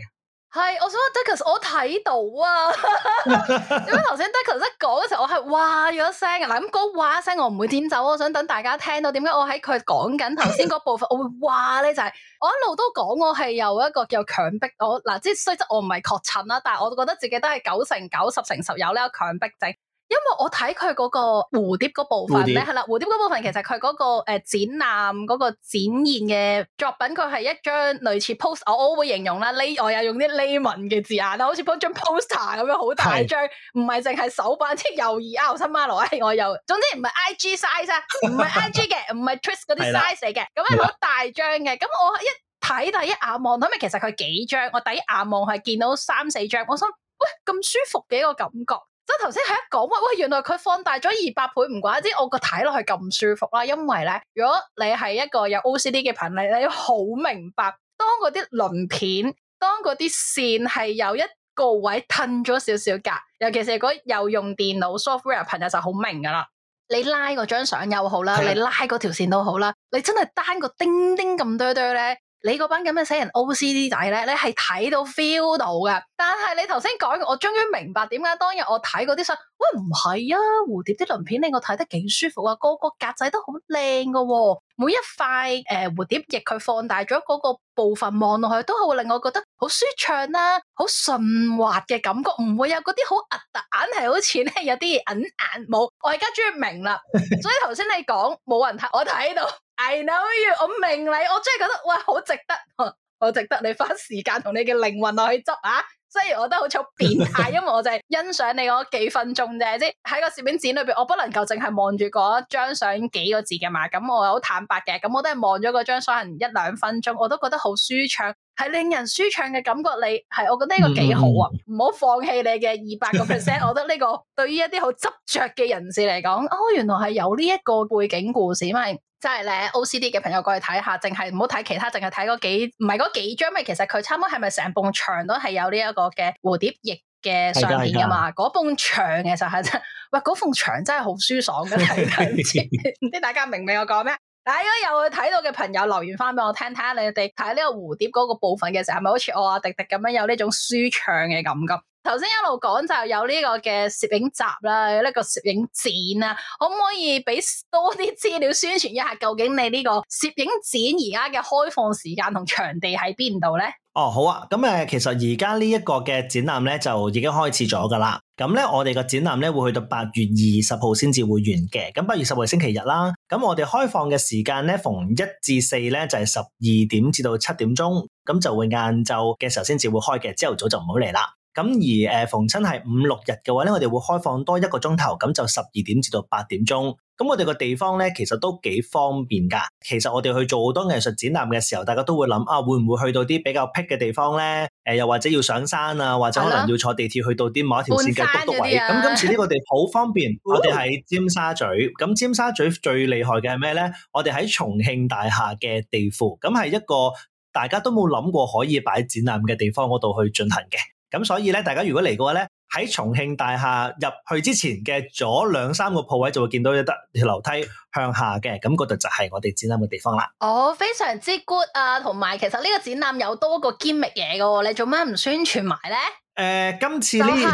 係我想，Decker，我睇到啊！點解頭先 Decker 一講嘅時候我，我係哇咗一聲啊！嗱，咁嗰哇聲我唔會點走，我想等大家聽到。點解我喺佢講緊頭先嗰部分， 我會哇咧？就係、是、我一路都講我係有一個叫強迫我嗱，即係雖則我唔係確診啦，但係我覺得自己都係九成、九十成十有呢個強迫症。因為我睇佢嗰個蝴蝶嗰部分咧，係啦蝴蝶嗰部分，其實佢嗰、嗰個誒、呃、展覽嗰、嗰個展現嘅作品，佢係一張類似 post，我我會形容啦，lay 我又用啲 lay 文嘅字眼啦，好似 po 張 poster 咁樣，好大張，唔係淨係手板，即係又二 out of my 羅，係我又，總之唔係 IG size，唔係 IG 嘅，唔係 twist 嗰啲 size 嚟嘅，咁樣好大張嘅，咁的我一睇第一眼望到咪其實佢幾張，我第一眼望係見到三四張，我心，喂咁舒服嘅一個感覺。我頭先喺一講，話，喂，原來佢放大咗二百倍唔怪之，我個睇落去咁舒服啦。因為咧，如果你係一個有 OCD 嘅朋友，你好明白，當嗰啲鱗片，當嗰啲線係有一個位褪咗少少㗎，尤其是嗰又用電腦 software 嘅朋友就好明噶啦。你拉嗰張相又好啦，是的 你拉嗰條線都好啦，你真係單個叮叮咁對對咧。你嗰班咁嘅死人 OCD 仔咧，你係睇到 feel 到嘅。但係你頭先講嘅，我終於明白點解當日我睇嗰啲相，喂唔係啊！蝴蝶啲鱗片令我睇得幾舒服啊，個個格仔都好靚嘅喎。每一塊誒、呃、蝴蝶翼佢放大咗嗰個部分望落去，都係會令我覺得好舒暢啦、啊，好順滑嘅感覺，唔會有嗰啲好凸眼，係好似咧有啲眼眼冇。我而家終於明啦， 所以頭先你講冇人睇，我睇到。I know you 我明你，我真係覺得，哇，好值得，好值得你花時間同你嘅靈魂落去執啊！所以我都好想變態，因為我就係欣賞你嗰幾分鐘啫。即喺個攝影展裏邊，我不能夠淨係望住嗰張相幾個字嘅嘛。咁我好坦白嘅，咁我都係望咗嗰張相一兩分鐘，我都覺得好舒暢，係令人舒暢嘅感覺。你係我覺得呢個幾好啊！唔好 放棄你嘅二百個 percent。我覺得呢個對於一啲好執着嘅人士嚟講，哦，原來係有呢一個背景故事，咪即係咧 OCD 嘅朋友過去睇下，淨係唔好睇其他，淨係睇嗰幾唔係嗰幾張。咪其實佢差唔多係咪成埲牆都係有呢、這、一個？嘅蝴蝶翼嘅相片噶嘛，嗰埲牆嘅就係真，喂嗰埲牆真係好舒爽嘅，唔 知大家明唔明我講咩？嗱，如果有去睇到嘅朋友留言翻俾我聽，睇下你哋睇呢個蝴蝶嗰個部分嘅時候，係咪好似我阿迪迪咁樣有呢種舒暢嘅感覺？頭先一路講就有呢個嘅攝影集啦，呢個攝影展啦，可唔可以俾多啲資料宣傳一下？究竟你呢個攝影展而家嘅開放時間同場地喺邊度咧？哦，好啊，咁誒，其實而家呢一個嘅展覽咧就已經開始咗噶啦。咁咧，我哋個展覽咧會去到八月二十號先至會完嘅。咁八月十號係星期日啦。咁我哋開放嘅時間咧，逢一至四咧就係十二點至到七點鐘，咁就會晏晝嘅時候先至會開嘅。朝頭早就唔好嚟啦。咁而誒逢親係五六日嘅話咧，我哋會開放多一個鐘頭，咁就十二點至到八點鐘。咁我哋個地方咧，其實都幾方便噶。其實我哋去做好多藝術展覽嘅時候，大家都會諗啊，會唔會去到啲比較僻嘅地方咧？誒、呃，又或者要上山啊，或者可能要坐地鐵去到啲某一條線嘅篤篤位。咁今次呢個地好方，方便， 我哋喺尖沙咀。咁尖沙咀最厲害嘅係咩咧？我哋喺重慶大廈嘅地庫，咁係一個大家都冇諗過可以擺展覽嘅地方嗰度去進行嘅。咁所以咧，大家如果嚟過嘅話咧，喺重慶大廈入去之前嘅左兩三個鋪位就會見到一得條樓梯向下嘅，咁嗰度就係我哋展覽嘅地方啦。哦，oh, 非常之 good 啊，同埋其實呢個展覽有多個揭秘嘢嘅，你做咩唔宣傳埋咧？誒、呃，今次就係嗱呢樣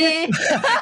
乜？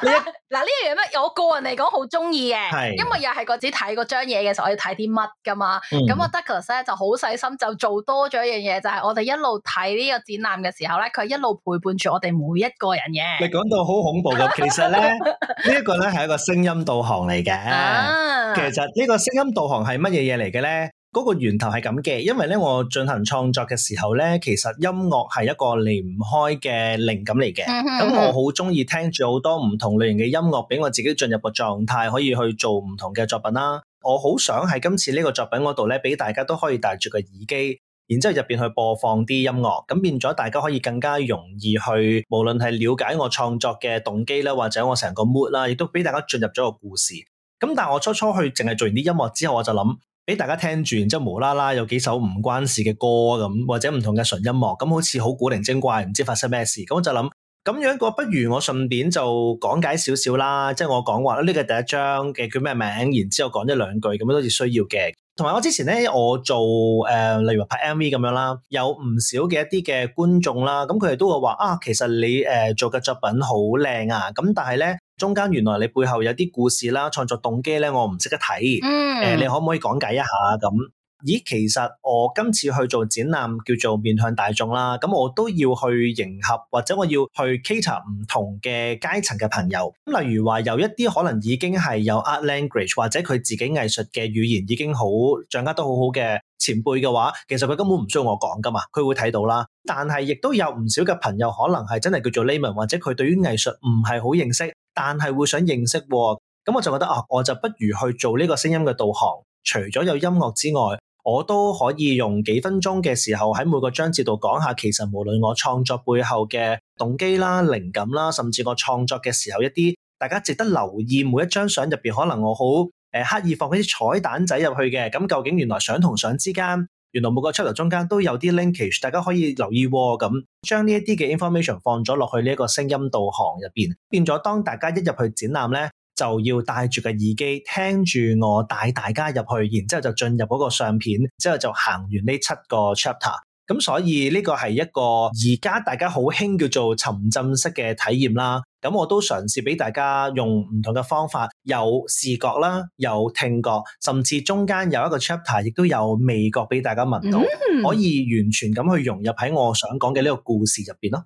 一 這個、我個人嚟講好中意嘅，係的因為又係個只睇嗰張嘢嘅時候，我要睇啲乜噶嘛？咁啊 Douglas 咧就好細心，就做多咗一樣嘢，就係、是、我哋一路睇呢個展覽嘅時候咧，佢一路陪伴住我哋每一個人嘅。你講到好恐怖噶，其實咧呢一 個咧係一個聲音導航嚟嘅。啊、其實呢個聲音導航係乜嘢嘢嚟嘅咧？嗰個源頭係咁嘅，因為咧我進行創作嘅時候咧，其實音樂係一個離唔開嘅靈感嚟嘅。咁 我好中意聽住好多唔同類型嘅音樂，俾我自己進入個狀態，可以去做唔同嘅作品啦。我好想喺今次呢個作品嗰度咧，俾大家都可以戴住個耳機，然之後入邊去播放啲音樂，咁變咗大家可以更加容易去，無論係了解我創作嘅動機啦，或者我成個 mood 啦，亦都俾大家進入咗個故事。咁但係我初初去淨係做完啲音樂之後，我就諗。俾大家聽住，然之後無啦啦有幾首唔關事嘅歌咁，或者唔同嘅純音樂，咁好似好古靈精怪，唔知發生咩事。咁我就諗，咁樣個不如我順便就講解少少啦，即係我講話呢、這個第一章嘅叫咩名，然之後講一兩句，咁都係需要嘅。同埋我之前呢，我做誒、呃，例如話拍 MV 咁樣啦，有唔少嘅一啲嘅觀眾啦，咁佢哋都會話啊，其實你誒、呃、做嘅作品好靚啊，咁但係呢。中間原來你背後有啲故事啦，創作動機咧，我唔識得睇，誒、嗯呃，你可唔可以講解一下咁？咦，其實我今次去做展覽叫做面向大眾啦，咁我都要去迎合或者我要去 cater 唔同嘅階層嘅朋友。例如話，有一啲可能已經係有 art language 或者佢自己藝術嘅語言已經好掌握得好好嘅前輩嘅話，其實佢根本唔需要我講噶嘛，佢會睇到啦。但係亦都有唔少嘅朋友可能係真係叫做 layman，或者佢對於藝術唔係好認識，但係會想認識，啊。咁我就覺得哦、啊，我就不如去做呢個聲音嘅導航，除咗有音樂之外。我都可以用幾分鐘嘅時候喺每個章節度講下，其實無論我創作背後嘅動機啦、靈感啦，甚至我創作嘅時候一啲大家值得留意每一張相入邊，可能我好誒、呃、刻意放啲彩蛋仔入去嘅。咁究竟原來相同相之間，原來每個出頭中間都有啲 linkage，大家可以留意喎、哦。咁將呢一啲嘅 information 放咗落去呢一個聲音導賞入邊，變咗當大家一入去展覽呢，就要戴住個耳機聽住我帶大家入去，然之後就進入嗰個相片，之後就行完呢七個 chapter。咁所以呢個係一個而家大家好興叫做沉浸式嘅體驗啦。咁我都嘗試俾大家用唔同嘅方法，有視覺啦，有聽覺，甚至中間有一個 chapter，亦都有味覺俾大家聞到，嗯、可以完全咁去融入喺我想講嘅呢個故事入邊咯。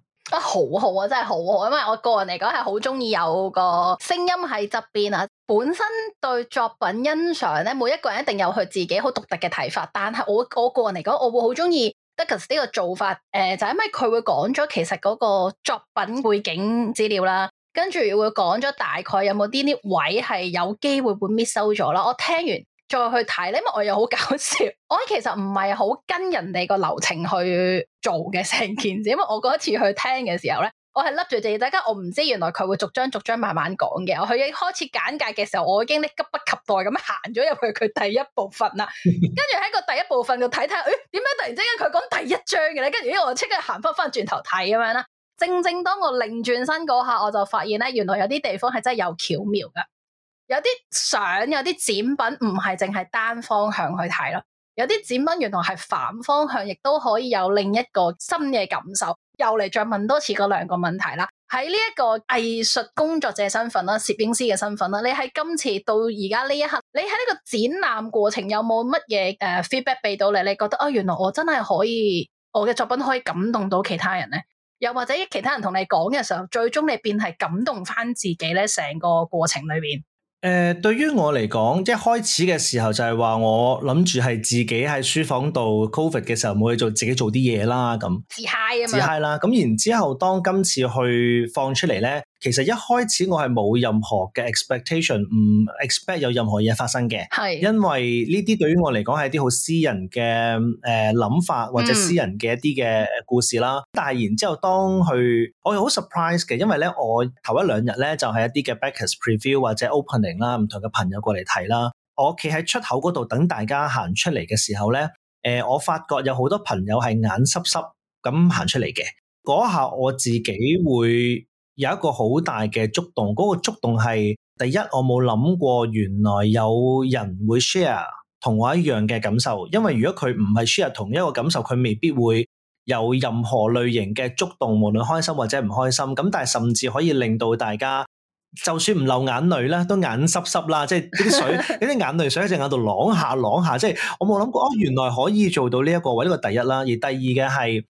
好好啊，真係好好！因為我個人嚟講係好中意有個聲音喺側邊啊。本身對作品欣賞咧，每一個人一定有佢自己好獨特嘅睇法，但係我我個人嚟講，我會好中意 Douglas 呢個做法，誒、呃，就係、是、因為佢會講咗其實嗰個作品背景資料啦，跟住會講咗大概有冇啲啲位係有機會會 miss 咗咯。我聽完。再去睇咧，因為我又好搞笑，我其實唔係好跟人哋個流程去做嘅成件事，因為我嗰一次去聽嘅時候咧，我係笠住地，大家我唔知原來佢會逐章逐章慢慢講嘅。我佢開始簡介嘅時候，我已經咧急不及待咁行咗入去佢第一部分啦。跟住喺個第一部分就睇睇，誒、 哎，點解突然之間佢講第一章嘅咧？跟住呢，我即刻行翻翻轉頭睇咁樣啦。正正當我擰轉身嗰下，我就發現咧，原來有啲地方係真係有巧妙噶。有啲相，有啲展品唔係淨係單方向去睇咯，有啲展品原來係反方向，亦都可以有另一個新嘅感受。又嚟再問多次嗰兩個問題啦，喺呢一個藝術工作者身份啦，攝影師嘅身份啦，你喺今次到而家呢一刻，你喺呢個展覽過程有冇乜嘢誒 feedback 俾到你？你覺得啊，原來我真係可以，我嘅作品可以感動到其他人咧，又或者其他人同你講嘅時候，最終你變係感動翻自己咧，成個過程裏面。誒、呃，對於我嚟講，一開始嘅時候就係話，我諗住係自己喺書房度，covid 嘅時候，我去做自己做啲嘢啦，咁自嗨啊嘛，自嗨啦，咁然之後，後當今次去放出嚟呢。其實一開始我係冇任何嘅 expectation，唔 expect 有任何嘢發生嘅。係是，因為呢啲對於我嚟講係啲好私人嘅誒諗法或者私人嘅一啲嘅故事啦。嗯、但係然之後當去，我又好 surprise 嘅，因為咧我頭一兩日咧就係、是、一啲嘅 backers preview 或者 opening 啦，唔同嘅朋友過嚟睇啦。我企喺出口嗰度等大家行出嚟嘅時候咧，誒、呃，我發覺有好多朋友係眼濕濕咁行出嚟嘅。嗰下我自己會、嗯。有一個好大嘅觸動，嗰、嗰個觸動係第一，我冇諗過原來有人會 share 同我一樣嘅感受，因為如果佢唔係 share 同一個感受，佢未必會有任何類型嘅觸動，無論開心或者唔開心。咁但係甚至可以令到大家，就算唔流眼淚咧，都眼濕濕啦，即係啲水、啲 眼淚水喺隻眼度啷下啷下，即係我冇諗過，哦，原來可以做到呢、或、一個，呢個第一啦。而第二嘅係。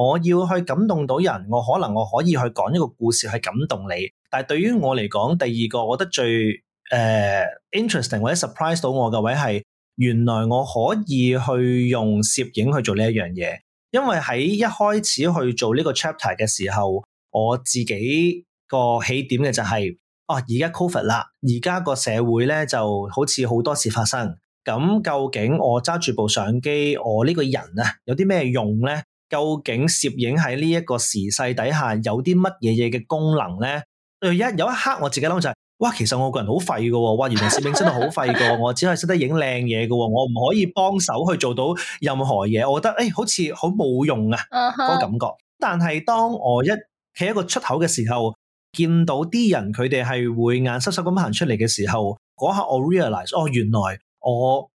我要去感動到人，我可能我可以去講一個故事去感動你。但係對於我嚟講，第二個我覺得最誒、呃、interesting 或者 surprise 到我嘅位係原來我可以去用攝影去做呢一樣嘢。因為喺一開始去做呢個 chapter 嘅時候，我自己個起點嘅就係哦，而家 COVID 啦，而家個社會咧就好似好多事發生。咁究竟我揸住部相機，我呢個人啊有啲咩用咧？究竟攝影喺呢一個時勢底下有啲乜嘢嘢嘅功能咧？有一有一刻我自己諗就係、是，哇！其實我個人好廢嘅喎，哇！原來攝影真係好廢嘅， 我只係識得影靚嘢嘅，我唔可以幫手去做到任何嘢。我覺得誒、哎、好似好冇用啊，嗰、uh huh. 感覺。但係當我一企一個出口嘅時候，見到啲人佢哋係會眼濕濕咁行出嚟嘅時候，嗰刻我 realize，哦，原來我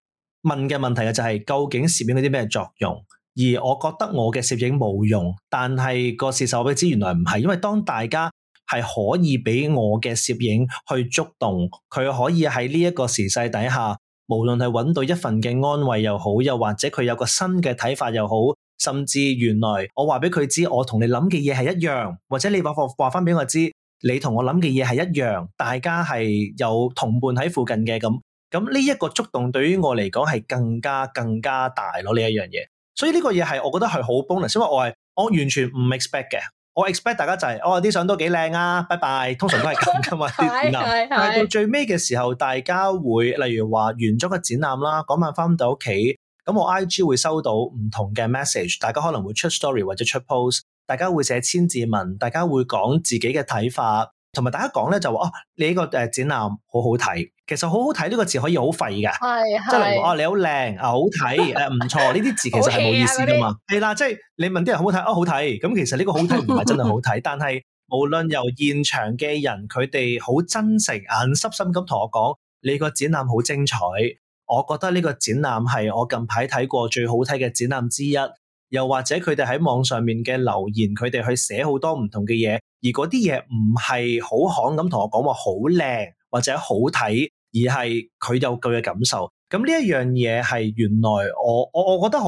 問嘅問題嘅就係究竟攝影有啲咩作用？而我覺得我嘅攝影冇用，但係個事實我俾佢知，原來唔係，因為當大家係可以俾我嘅攝影去觸動，佢可以喺呢一個時勢底下，無論係揾到一份嘅安慰又好，又或者佢有個新嘅睇法又好，甚至原來我話俾佢知，我同你諗嘅嘢係一樣，或者你話話翻俾我知，你同我諗嘅嘢係一樣，大家係有同伴喺附近嘅咁，咁呢一個觸動對於我嚟講係更加更加大咯呢一樣嘢。所以呢個嘢係，我覺得係好 bonus，因為我係我完全唔 expect 嘅，我 expect 大家就係、是，哦啲相都幾靚啊，拜拜，通常都係咁噶嘛，嗱 但係到最尾嘅時候，大家會例如話完咗個展覽啦，嗰晚翻到屋企，咁我 IG 會收到唔同嘅 message，大家可能會出 story 或者出 post，大家會寫千字文，大家會講自己嘅睇法，同埋大家講咧就話，哦你呢個誒展覽好好睇。其實好好睇呢個字可以好廢看噶，真係哦，你好靚啊，好睇誒，唔錯，呢啲字其實係冇意思噶嘛，係啦，即係你問啲人好唔好睇啊，好睇咁，其實呢個好睇唔係真係好睇， 但係無論由現場嘅人，佢哋好真誠、眼濕濕咁同我講，你，這個展覽好精彩，我覺得呢個展覽係我近排睇過最好睇嘅展覽之一，又或者佢哋喺網上面嘅留言，佢哋去寫好多唔同嘅嘢，而嗰啲嘢唔係好行咁同我講話好靚。或者好睇，而係佢有佢嘅感受。咁呢一樣嘢係原來我我我覺得好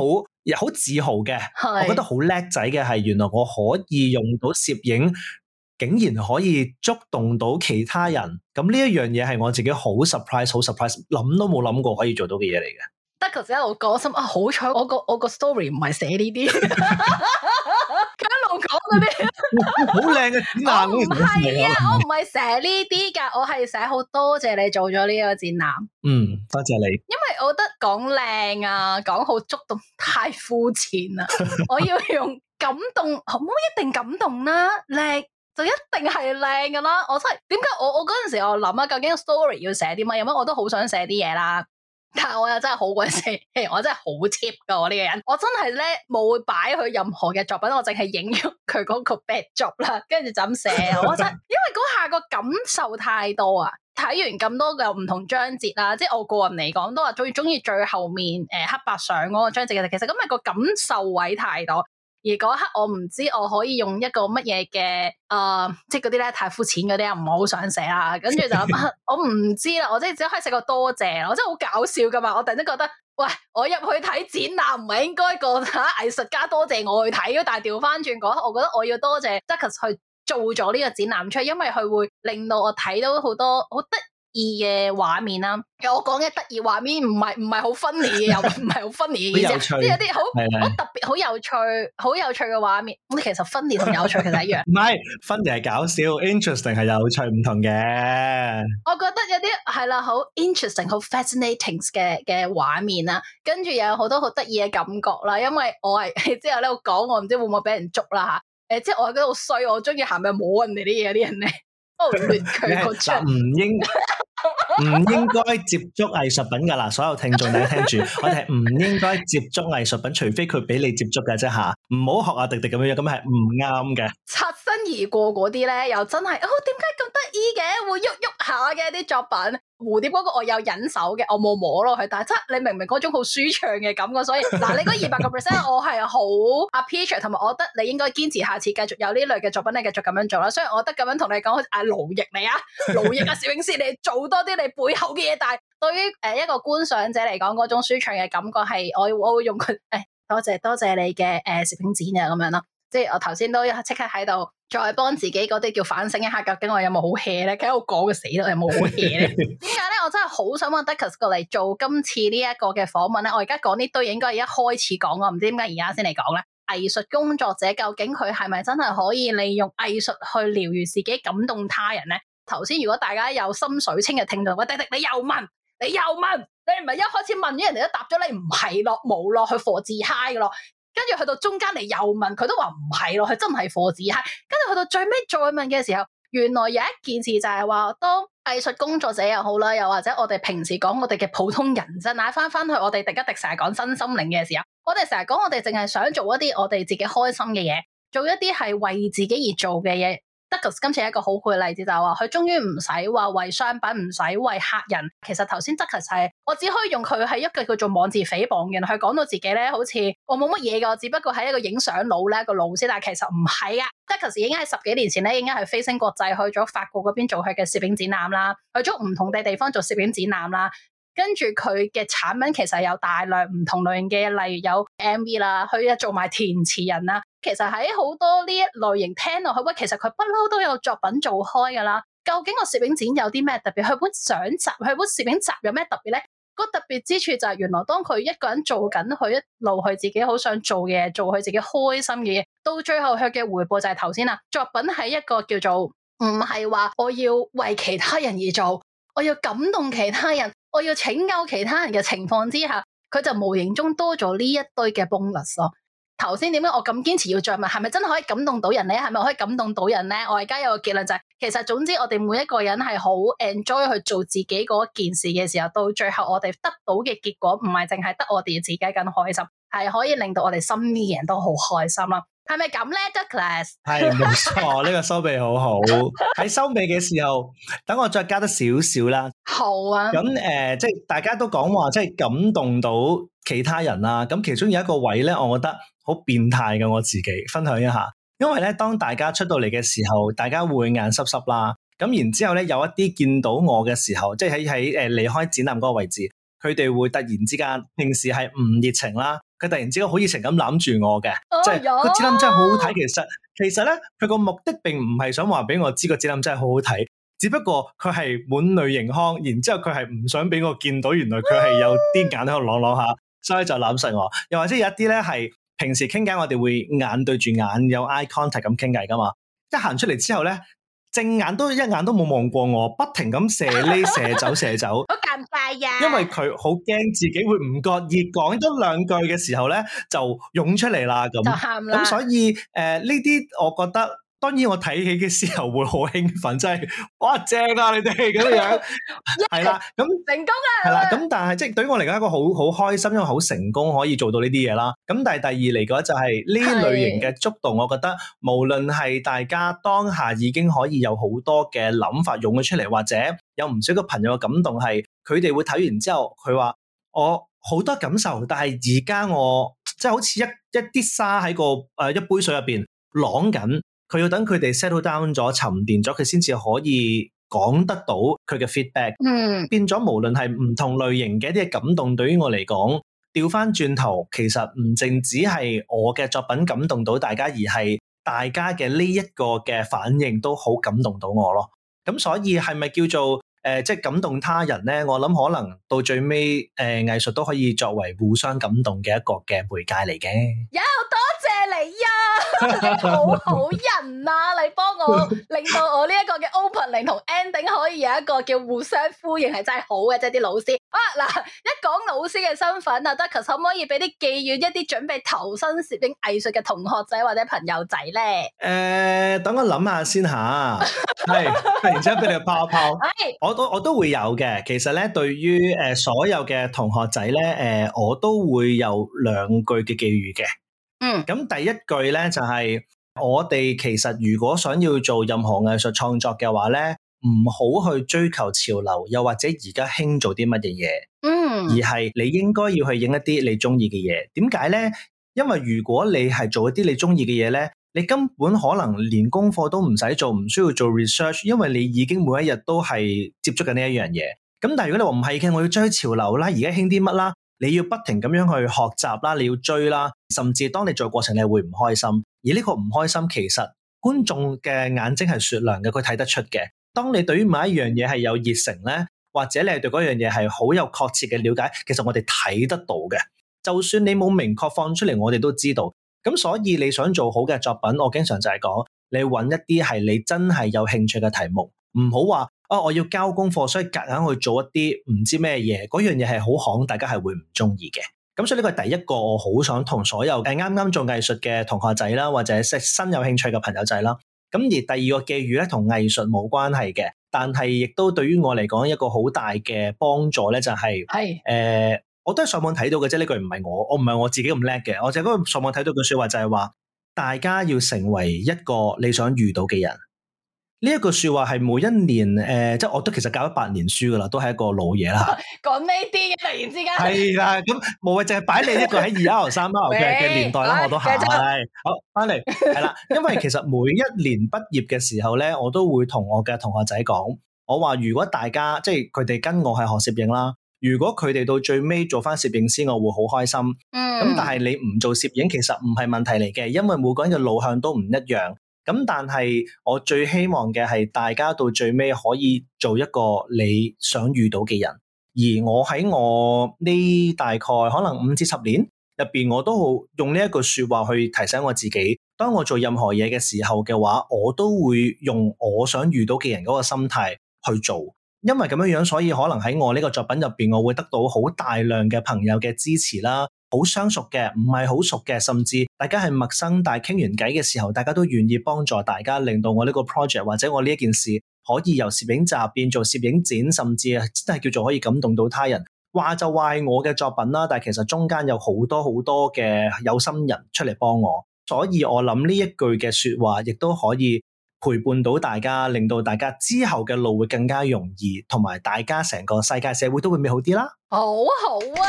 好自豪嘅，是我覺得好叻仔嘅係原來我可以用到攝影，竟然可以觸動到其他人。咁呢一樣嘢係我自己好 surprise，好 surprise，諗都冇諗過可以做到嘅嘢嚟嘅。德哥就喺度講心啊，好彩我個我個 story 唔係寫呢啲。好嗰啲好靚嘅展覽，唔係 啊，我唔係寫呢啲噶，我係寫好多謝你做咗呢個展覽。嗯，多謝你。因為我覺得講靚啊，講好觸動太膚淺啦， 我要用感動，好唔好一定感動啦，靚就一定係靚噶啦。我真係，點解我我嗰陣時我諗啊，究竟 story 要寫啲乜？有乜我都好想寫啲嘢啦。但我又真係好鬼死，我真係好貼噶我呢個人，我真係咧冇擺佢任何嘅作品，我淨係影咗佢嗰個 bad job 啦，跟住就咁寫，我覺得因為嗰下個感受太多啊！睇完咁多嘅唔同章節啦，即係我個人嚟講都話最中意最後面誒黑白相嗰個章節嘅，其實咁個感受位太多。而嗰一刻我唔知我可以用一個乜嘢嘅，誒、呃，即係嗰啲咧太膚淺嗰啲，唔好想寫啦。跟住就、 啊，我唔知啦。我即係只可以寫個多謝，我真係好搞笑噶嘛。我突然之間覺得，喂，我入去睇展覽唔係應該個嚇藝術家多謝我去睇，但係調翻轉嗰刻，我覺得我要多謝 Douglas 去做咗呢個展覽出嚟，因為佢會令到我睇到好多好得意嘅畫面啦，其實我講嘅得意畫面唔係唔係好 funny 嘅，又唔係好 funny 嘅意思，即係有啲好，好特別，好有趣，好 有趣嘅畫 面。咁其實 funny 同有趣其實一樣，唔係 funny 係搞笑，interesting 係有趣，唔同嘅。我覺得有啲係啦，好 interesting，好 fascinating 嘅嘅畫面啦，跟住又有好多好得意嘅感覺啦。因為我係之後咧，度講我唔知會唔會俾人捉啦吓。誒、啊呃，即係我喺度衰，我中意行入去摸人哋啲嘢啲人咧。 佢佢個唔應唔 應該接觸藝術品噶啦，所有聽眾大家聽住， 我哋係唔應該接觸藝術品，除非佢俾你接觸嘅啫吓，唔好學阿迪迪咁樣，咁係唔啱嘅。擦身而過嗰啲咧，又真係哦，點解咁？得意嘅，會喐喐下嘅一啲作品，蝴蝶嗰個我有忍手嘅，我冇摸落去，但係即係你明唔明嗰種好舒暢嘅感覺？所以嗱、 啊，你嗰二百個 percent 我係好阿 Peter 同埋， 我覺得你應該堅持下次繼續有呢類嘅作品，你繼續咁樣做啦。雖然我覺得咁樣同你講，阿勞役你啊，勞役啊，攝影師，你多做多啲你背後嘅嘢。但係對於誒一個觀賞者嚟講，嗰種舒暢嘅感覺係我我會用佢誒、哎，多謝多謝你嘅誒攝影展啊，咁、呃、樣啦。即係我頭先都即刻喺度再幫自己嗰啲叫反省一下，究竟我有冇好 hea 咧？喺度講佢死咯，有冇好 hea 咧？點解咧？我真係好想問 d i k e s 過嚟做今次呢一個嘅訪問咧。我而家講呢堆應該係一開始講，我唔知點解而家先嚟講咧。藝術工作者究竟佢係咪真係可以利用藝術去療愈自己、感動他人咧？頭先如果大家有心水清嘅聽到我滴滴你又問，你又問，你唔係一開始問咗人哋都答咗你唔係咯，冇咯，去火字嗨 i 嘅咯。跟住去到中間嚟，又問，佢都話唔係咯，佢真係貨子。係跟住去到最尾再問嘅時候，原來有一件事就係話，當藝術工作者又好啦，又或者我哋平時講我哋嘅普通人啫，拉翻翻去我哋廸一廸成日講身心靈嘅時候，我哋成日講我哋淨係想做一啲我哋自己開心嘅嘢，做一啲係為自己而做嘅嘢。Douglas 今次一個好好嘅例子就係話佢終於唔使話為商品，唔使為客人，其實頭先 Douglas 係我只可以用佢係一句叫做妄自菲薄，原來佢講到自己咧，好似我冇乜嘢，我只不過係一個影相佬咧、個老師，但係其實唔係噶，Douglas 已經喺十幾年前咧應該係飛升國際去咗法國嗰邊做佢嘅攝影展覽啦，去咗唔同嘅地方做攝影展覽啦。跟住佢嘅產品其實有大量唔同類型嘅，例如有 MV 啦，佢又做埋填詞人啦。其實喺好多呢一類型聽落去，喂，其實佢不嬲都有作品做開噶啦。究竟個攝影展有啲咩特別？佢本相集，佢本攝影集有咩特別咧？個特別之處就係原來當佢一個人做緊，佢一路佢自己好想做嘅嘢，做佢自己開心嘅嘢，到最後佢嘅回報就係頭先啦。作品係一個叫做唔係話我要為其他人而做，我要感動其他人。我要拯救其他人嘅情況之下，佢就無形中多咗呢一堆嘅 bonus 咯。頭先點解我咁堅持要着墨？係咪真係可以感動到人咧？係咪可以感動到人咧？我而家有個結論就係、是，其實總之我哋每一個人係好 enjoy 去做自己嗰件事嘅時候，到最後我哋得到嘅結果，唔係淨係得我哋自己咁開心，係可以令到我哋身邊嘅人都好開心啦。係咪咁咧，Douglas？s 係冇錯，是是呢 錯、呢個收尾好好。喺收尾嘅時候，等我再加多少少啦。好啊。咁誒、呃，即係大家都講話，即係感動到其他人啦、啊。咁其中有一個位咧，我覺得好變態嘅。我自己分享一下，因為咧，當大家出到嚟嘅時候，大家會眼濕濕啦。咁然之後咧，有一啲見到我嘅時候，即係喺喺誒離開展覽嗰個位置，佢哋會突然之間，平時係唔熱情啦。佢突然之，oh, yeah. 好熱情咁攬住我嘅，即係個指甲真係好好睇。其實其實咧，佢個目的並唔係想話俾我知個指甲真係好好睇，只不過佢係滿淚盈眶，然之後佢係唔想俾我見到，原來佢係有啲眼喺度朗朗下，所以就攬實我。又或者有一啲咧係平時傾偈，我哋會眼對住眼有 eye contact 咁傾偈噶嘛，一行出嚟之後咧，正眼都一眼都冇望過我，不停咁射呢射走射走。射走 okay. 因為佢好驚自己會唔覺意講一兩句嘅時候咧，就湧出嚟啦，咁，喊啦咁，所以誒，呢啲，呃、我覺得當然我睇起嘅時候會好興奮，真係哇，正啊你哋咁樣，係啦，咁成功啊，係啦咁，但係即係對於我嚟講一個好好開心，因為好成功可以做到呢啲嘢啦。咁但係第二嚟講就係呢類型嘅觸動，的我覺得無論係大家當下已經可以有好多嘅諗法湧咗出嚟，或者有唔少嘅朋友嘅感動係。佢哋會睇完之後，佢話我好多感受，但係而家我即係好似一一啲沙喺個誒、呃、一杯水入邊晾緊，佢要等佢哋 settle down 咗、沉澱咗，佢先至可以講得到佢嘅 feedback。嗯，變咗無論係唔同類型嘅一啲嘅感動，對於我嚟講，調翻轉頭，其實唔淨止係我嘅作品感動到大家，而係大家嘅呢一個嘅反應都好感動到我咯。咁所以係咪叫做？誒，即係感動他人咧，我諗可能到最尾，誒、呃，藝術都可以作為互相感動嘅一個嘅媒介嚟嘅。有、yeah, 多謝你啊， 你好好人啊， 你幫我令到我呢一個嘅 opening 同 ending 可以有一個叫互相呼應，係真係好嘅，即係啲老師啊嗱，一講老師嘅身份啊，得，可唔可以俾啲寄語一啲準備投身攝影藝術嘅同學仔或者朋友仔咧？誒、呃，等我諗下先吓，係、啊、突 然之間俾你拋泡拋，泡是我。我都我都會有嘅，其實咧，對於誒、呃、所有嘅同學仔咧，誒、呃、我都會有兩句嘅寄語嘅。嗯，咁第一句咧就係、是、我哋其實如果想要做任何藝術創作嘅話咧，唔好去追求潮流，又或者而家興做啲乜嘢嘢。嗯，而係你應該要去影一啲你中意嘅嘢。點解咧？因為如果你係做一啲你中意嘅嘢咧。你根本可能連功課都唔使做，唔需要做 research，因為你已經每一日都係接觸緊呢一樣嘢。咁但係如果你話唔係嘅，我要追潮流啦，而家興啲乜啦，你要不停咁樣去學習啦，你要追啦，甚至當你做過程，你會唔開心。而呢個唔開心，其實觀眾嘅眼睛係雪亮嘅，佢睇得出嘅。當你對於某一樣嘢係有熱誠咧，或者你係對嗰樣嘢係好有確切嘅了解，其實我哋睇得到嘅。就算你冇明確放出嚟，我哋都知道。咁所以你想做好嘅作品，我經常就係講，你揾一啲係你真係有興趣嘅題目，唔好話啊我要交功課，所以夾硬去做一啲唔知咩嘢嗰樣嘢係好行，大家係會唔中意嘅。咁所以呢個係第一個我好想同所有誒啱啱做藝術嘅同學仔啦，或者識新有興趣嘅朋友仔啦。咁而第二個寄語咧，同藝術冇關係嘅，但係亦都對於我嚟講一個好大嘅幫助咧、就係，就係係誒。呃我都係上網睇到嘅啫，呢句唔係我，我唔係我自己咁叻嘅，我淨係嗰度上網睇到句說話就係話，大家要成為一個你想遇到嘅人。呢一句說話係每一年誒、呃，即係我都其實教咗八年書噶啦，都係一個老嘢啦。講呢啲突然之間係啦，咁無謂，淨係擺你呢個喺二 R 三 R 嘅年代啦， 喂我都行啦續。好翻嚟係啦，因為其實每一年畢業嘅時候咧，我都會同我嘅同學仔講，我話如果大家即係佢哋跟我係學攝影啦。如果佢哋到最尾做返攝影師，我會好開心。咁但係你唔做攝影，其實唔係問題嚟嘅，因為每個人嘅路向都唔一樣。咁但係我最希望嘅係大家到最尾可以做一個你想遇到嘅人。而我喺我呢大概可能五至十年入邊，我都好用呢一句説話去提醒我自己：當我做任何嘢嘅時候嘅話，我都會用我想遇到嘅人嗰個心態去做。因為咁樣樣，所以可能喺我呢個作品入邊，我會得到好大量嘅朋友嘅支持啦，好相熟嘅，唔係好熟嘅，甚至大家係陌生，但係傾完偈嘅時候，大家都願意幫助大家，令到我呢個 project 或者我呢件事可以由攝影集變做攝影展，甚至真係叫做可以感動到他人。話就話我嘅作品啦，但係其實中間有好多好多嘅有心人出嚟幫我，所以我諗呢一句嘅說話，亦都可以。陪伴到大家，令到大家之後嘅路會更加容易，同埋大家成個世界社會都會美好啲啦。 好好啊！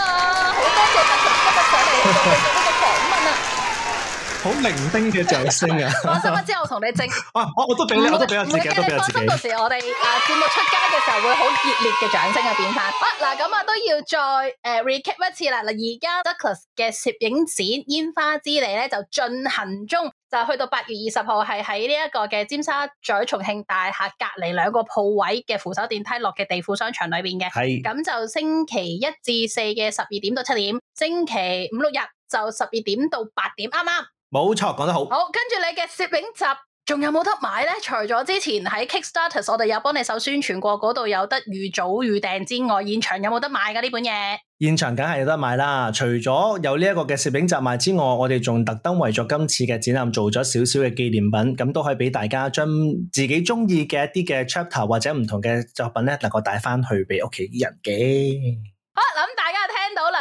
好多謝阿陳生嘅上嚟去做呢個訪問啊！好伶仃嘅掌聲啊！ 我收翻之後同你整啊！ 我我都俾你，我都俾自己。一轉身到時我哋誒節目出街嘅時候會好熱烈嘅掌聲啊！變翻嗱咁啊！要再誒 recap 一次啦！嗱，而家 Douglas 嘅攝影展《煙花之地》咧就進行中，就去到八月二十號，係喺呢一個嘅尖沙咀重慶大廈隔離兩個鋪位嘅扶手電梯落嘅地庫商場裏邊嘅。係咁是就星期一至四嘅十二點到七點，星期五六日就十二點到八點，啱啱？冇錯，講得好。好，跟住你嘅攝影集。仲有冇得買咧？除咗之前喺 Kickstarters 我哋有幫你手宣傳過，嗰度有得預早預訂之外，現場有冇得買噶呢本嘢？現場梗係有得買啦！除咗有呢一個嘅攝影集賣之外，我哋仲特登為咗今次嘅展覽做咗少少嘅紀念品，咁都可以俾大家將自己中意嘅一啲嘅 chapter 或者唔同嘅作品咧，能夠帶翻去俾屋企啲人嘅。好啦，咁大家。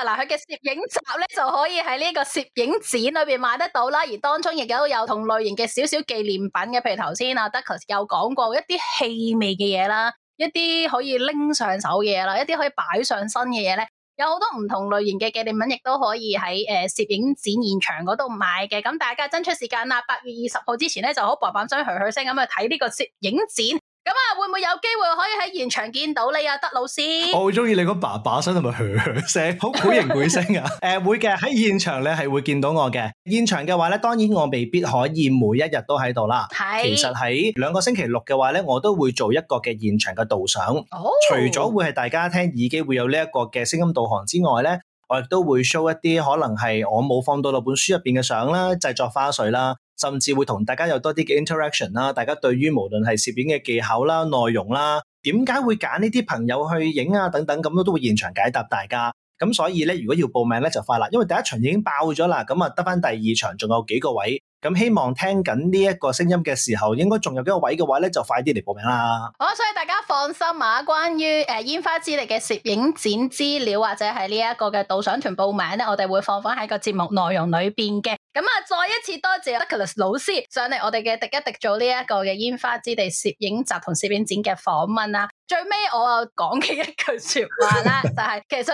嗱，佢嘅攝影集咧就可以喺呢個攝影展裏邊買得到啦，而當中亦都有同類型嘅少少紀念品嘅，譬如頭先阿 Dick 有講過一啲氣味嘅嘢啦，一啲可以拎上手嘅嘢啦，一啲可以擺上身嘅嘢咧，有好多唔同類型嘅紀念品，亦都可以喺誒攝影展現場嗰度買嘅。咁大家爭出時間啦，八月二十號之前咧，就好薄板雙噓噓聲咁去睇呢個攝影展。咁啊，會唔會有機會可以喺現場見到你啊，德老師？我好中意你個爸爸聲同埋響聲，好古型古聲啊！誒、 呃，會嘅，喺現場咧係會見到我嘅。現場嘅話咧，當然我未必可以每一日都喺度啦。係是，其實喺兩個星期六嘅話咧，我都會做一個嘅現場嘅導賞。哦、oh，除咗會係大家聽耳機會有呢一個嘅聲音導航之外咧，我亦都會 show 一啲可能係我冇放到落本書入邊嘅相啦，製作花絮啦，甚至會同大家有多啲嘅 interaction 啦。大家對於無論係攝影嘅技巧啦、內容啦，點解會揀呢啲朋友去影啊，等等，咁都都會現場解答大家。咁所以咧，如果要報名咧就快啦，因為第一場已經爆咗啦，咁啊得翻第二場，仲有幾個位，咁希望聽緊呢一個聲音嘅時候，應該仲有幾個位嘅話咧，就快啲嚟報名啦。好，所以大家放心啊，關於誒煙、呃、花之地嘅攝影展資料或者係呢一個嘅導賞團報名咧，我哋會放翻喺個節目內容裏邊嘅。咁啊，再一次多謝 Douglas 老師上嚟我哋嘅廸一廸做呢、這、一個嘅煙花之地攝影集同攝影展嘅訪問啊。最尾我又講嘅一句說話啦， 就係其實。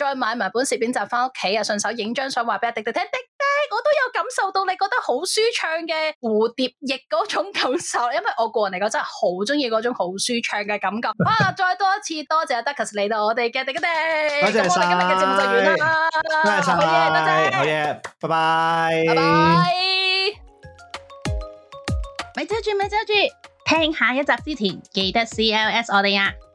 再買埋本攝影集翻屋企啊！順手影張相，話畀阿迪迪聽，迪迪，我都有感受到你覺得好舒暢嘅蝴蝶翼嗰種感受，因為我個人嚟講真係好中意嗰種好舒暢嘅感覺。啊，再多一次多謝阿 Douglas，嚟到我哋嘅迪迪 get g e 多謝我哋今日嘅節目就完啦。拜拜，好嘢！拜拜，拜拜。咪揸住，咪揸住，聽下一集之前記得 CLS 我哋啊。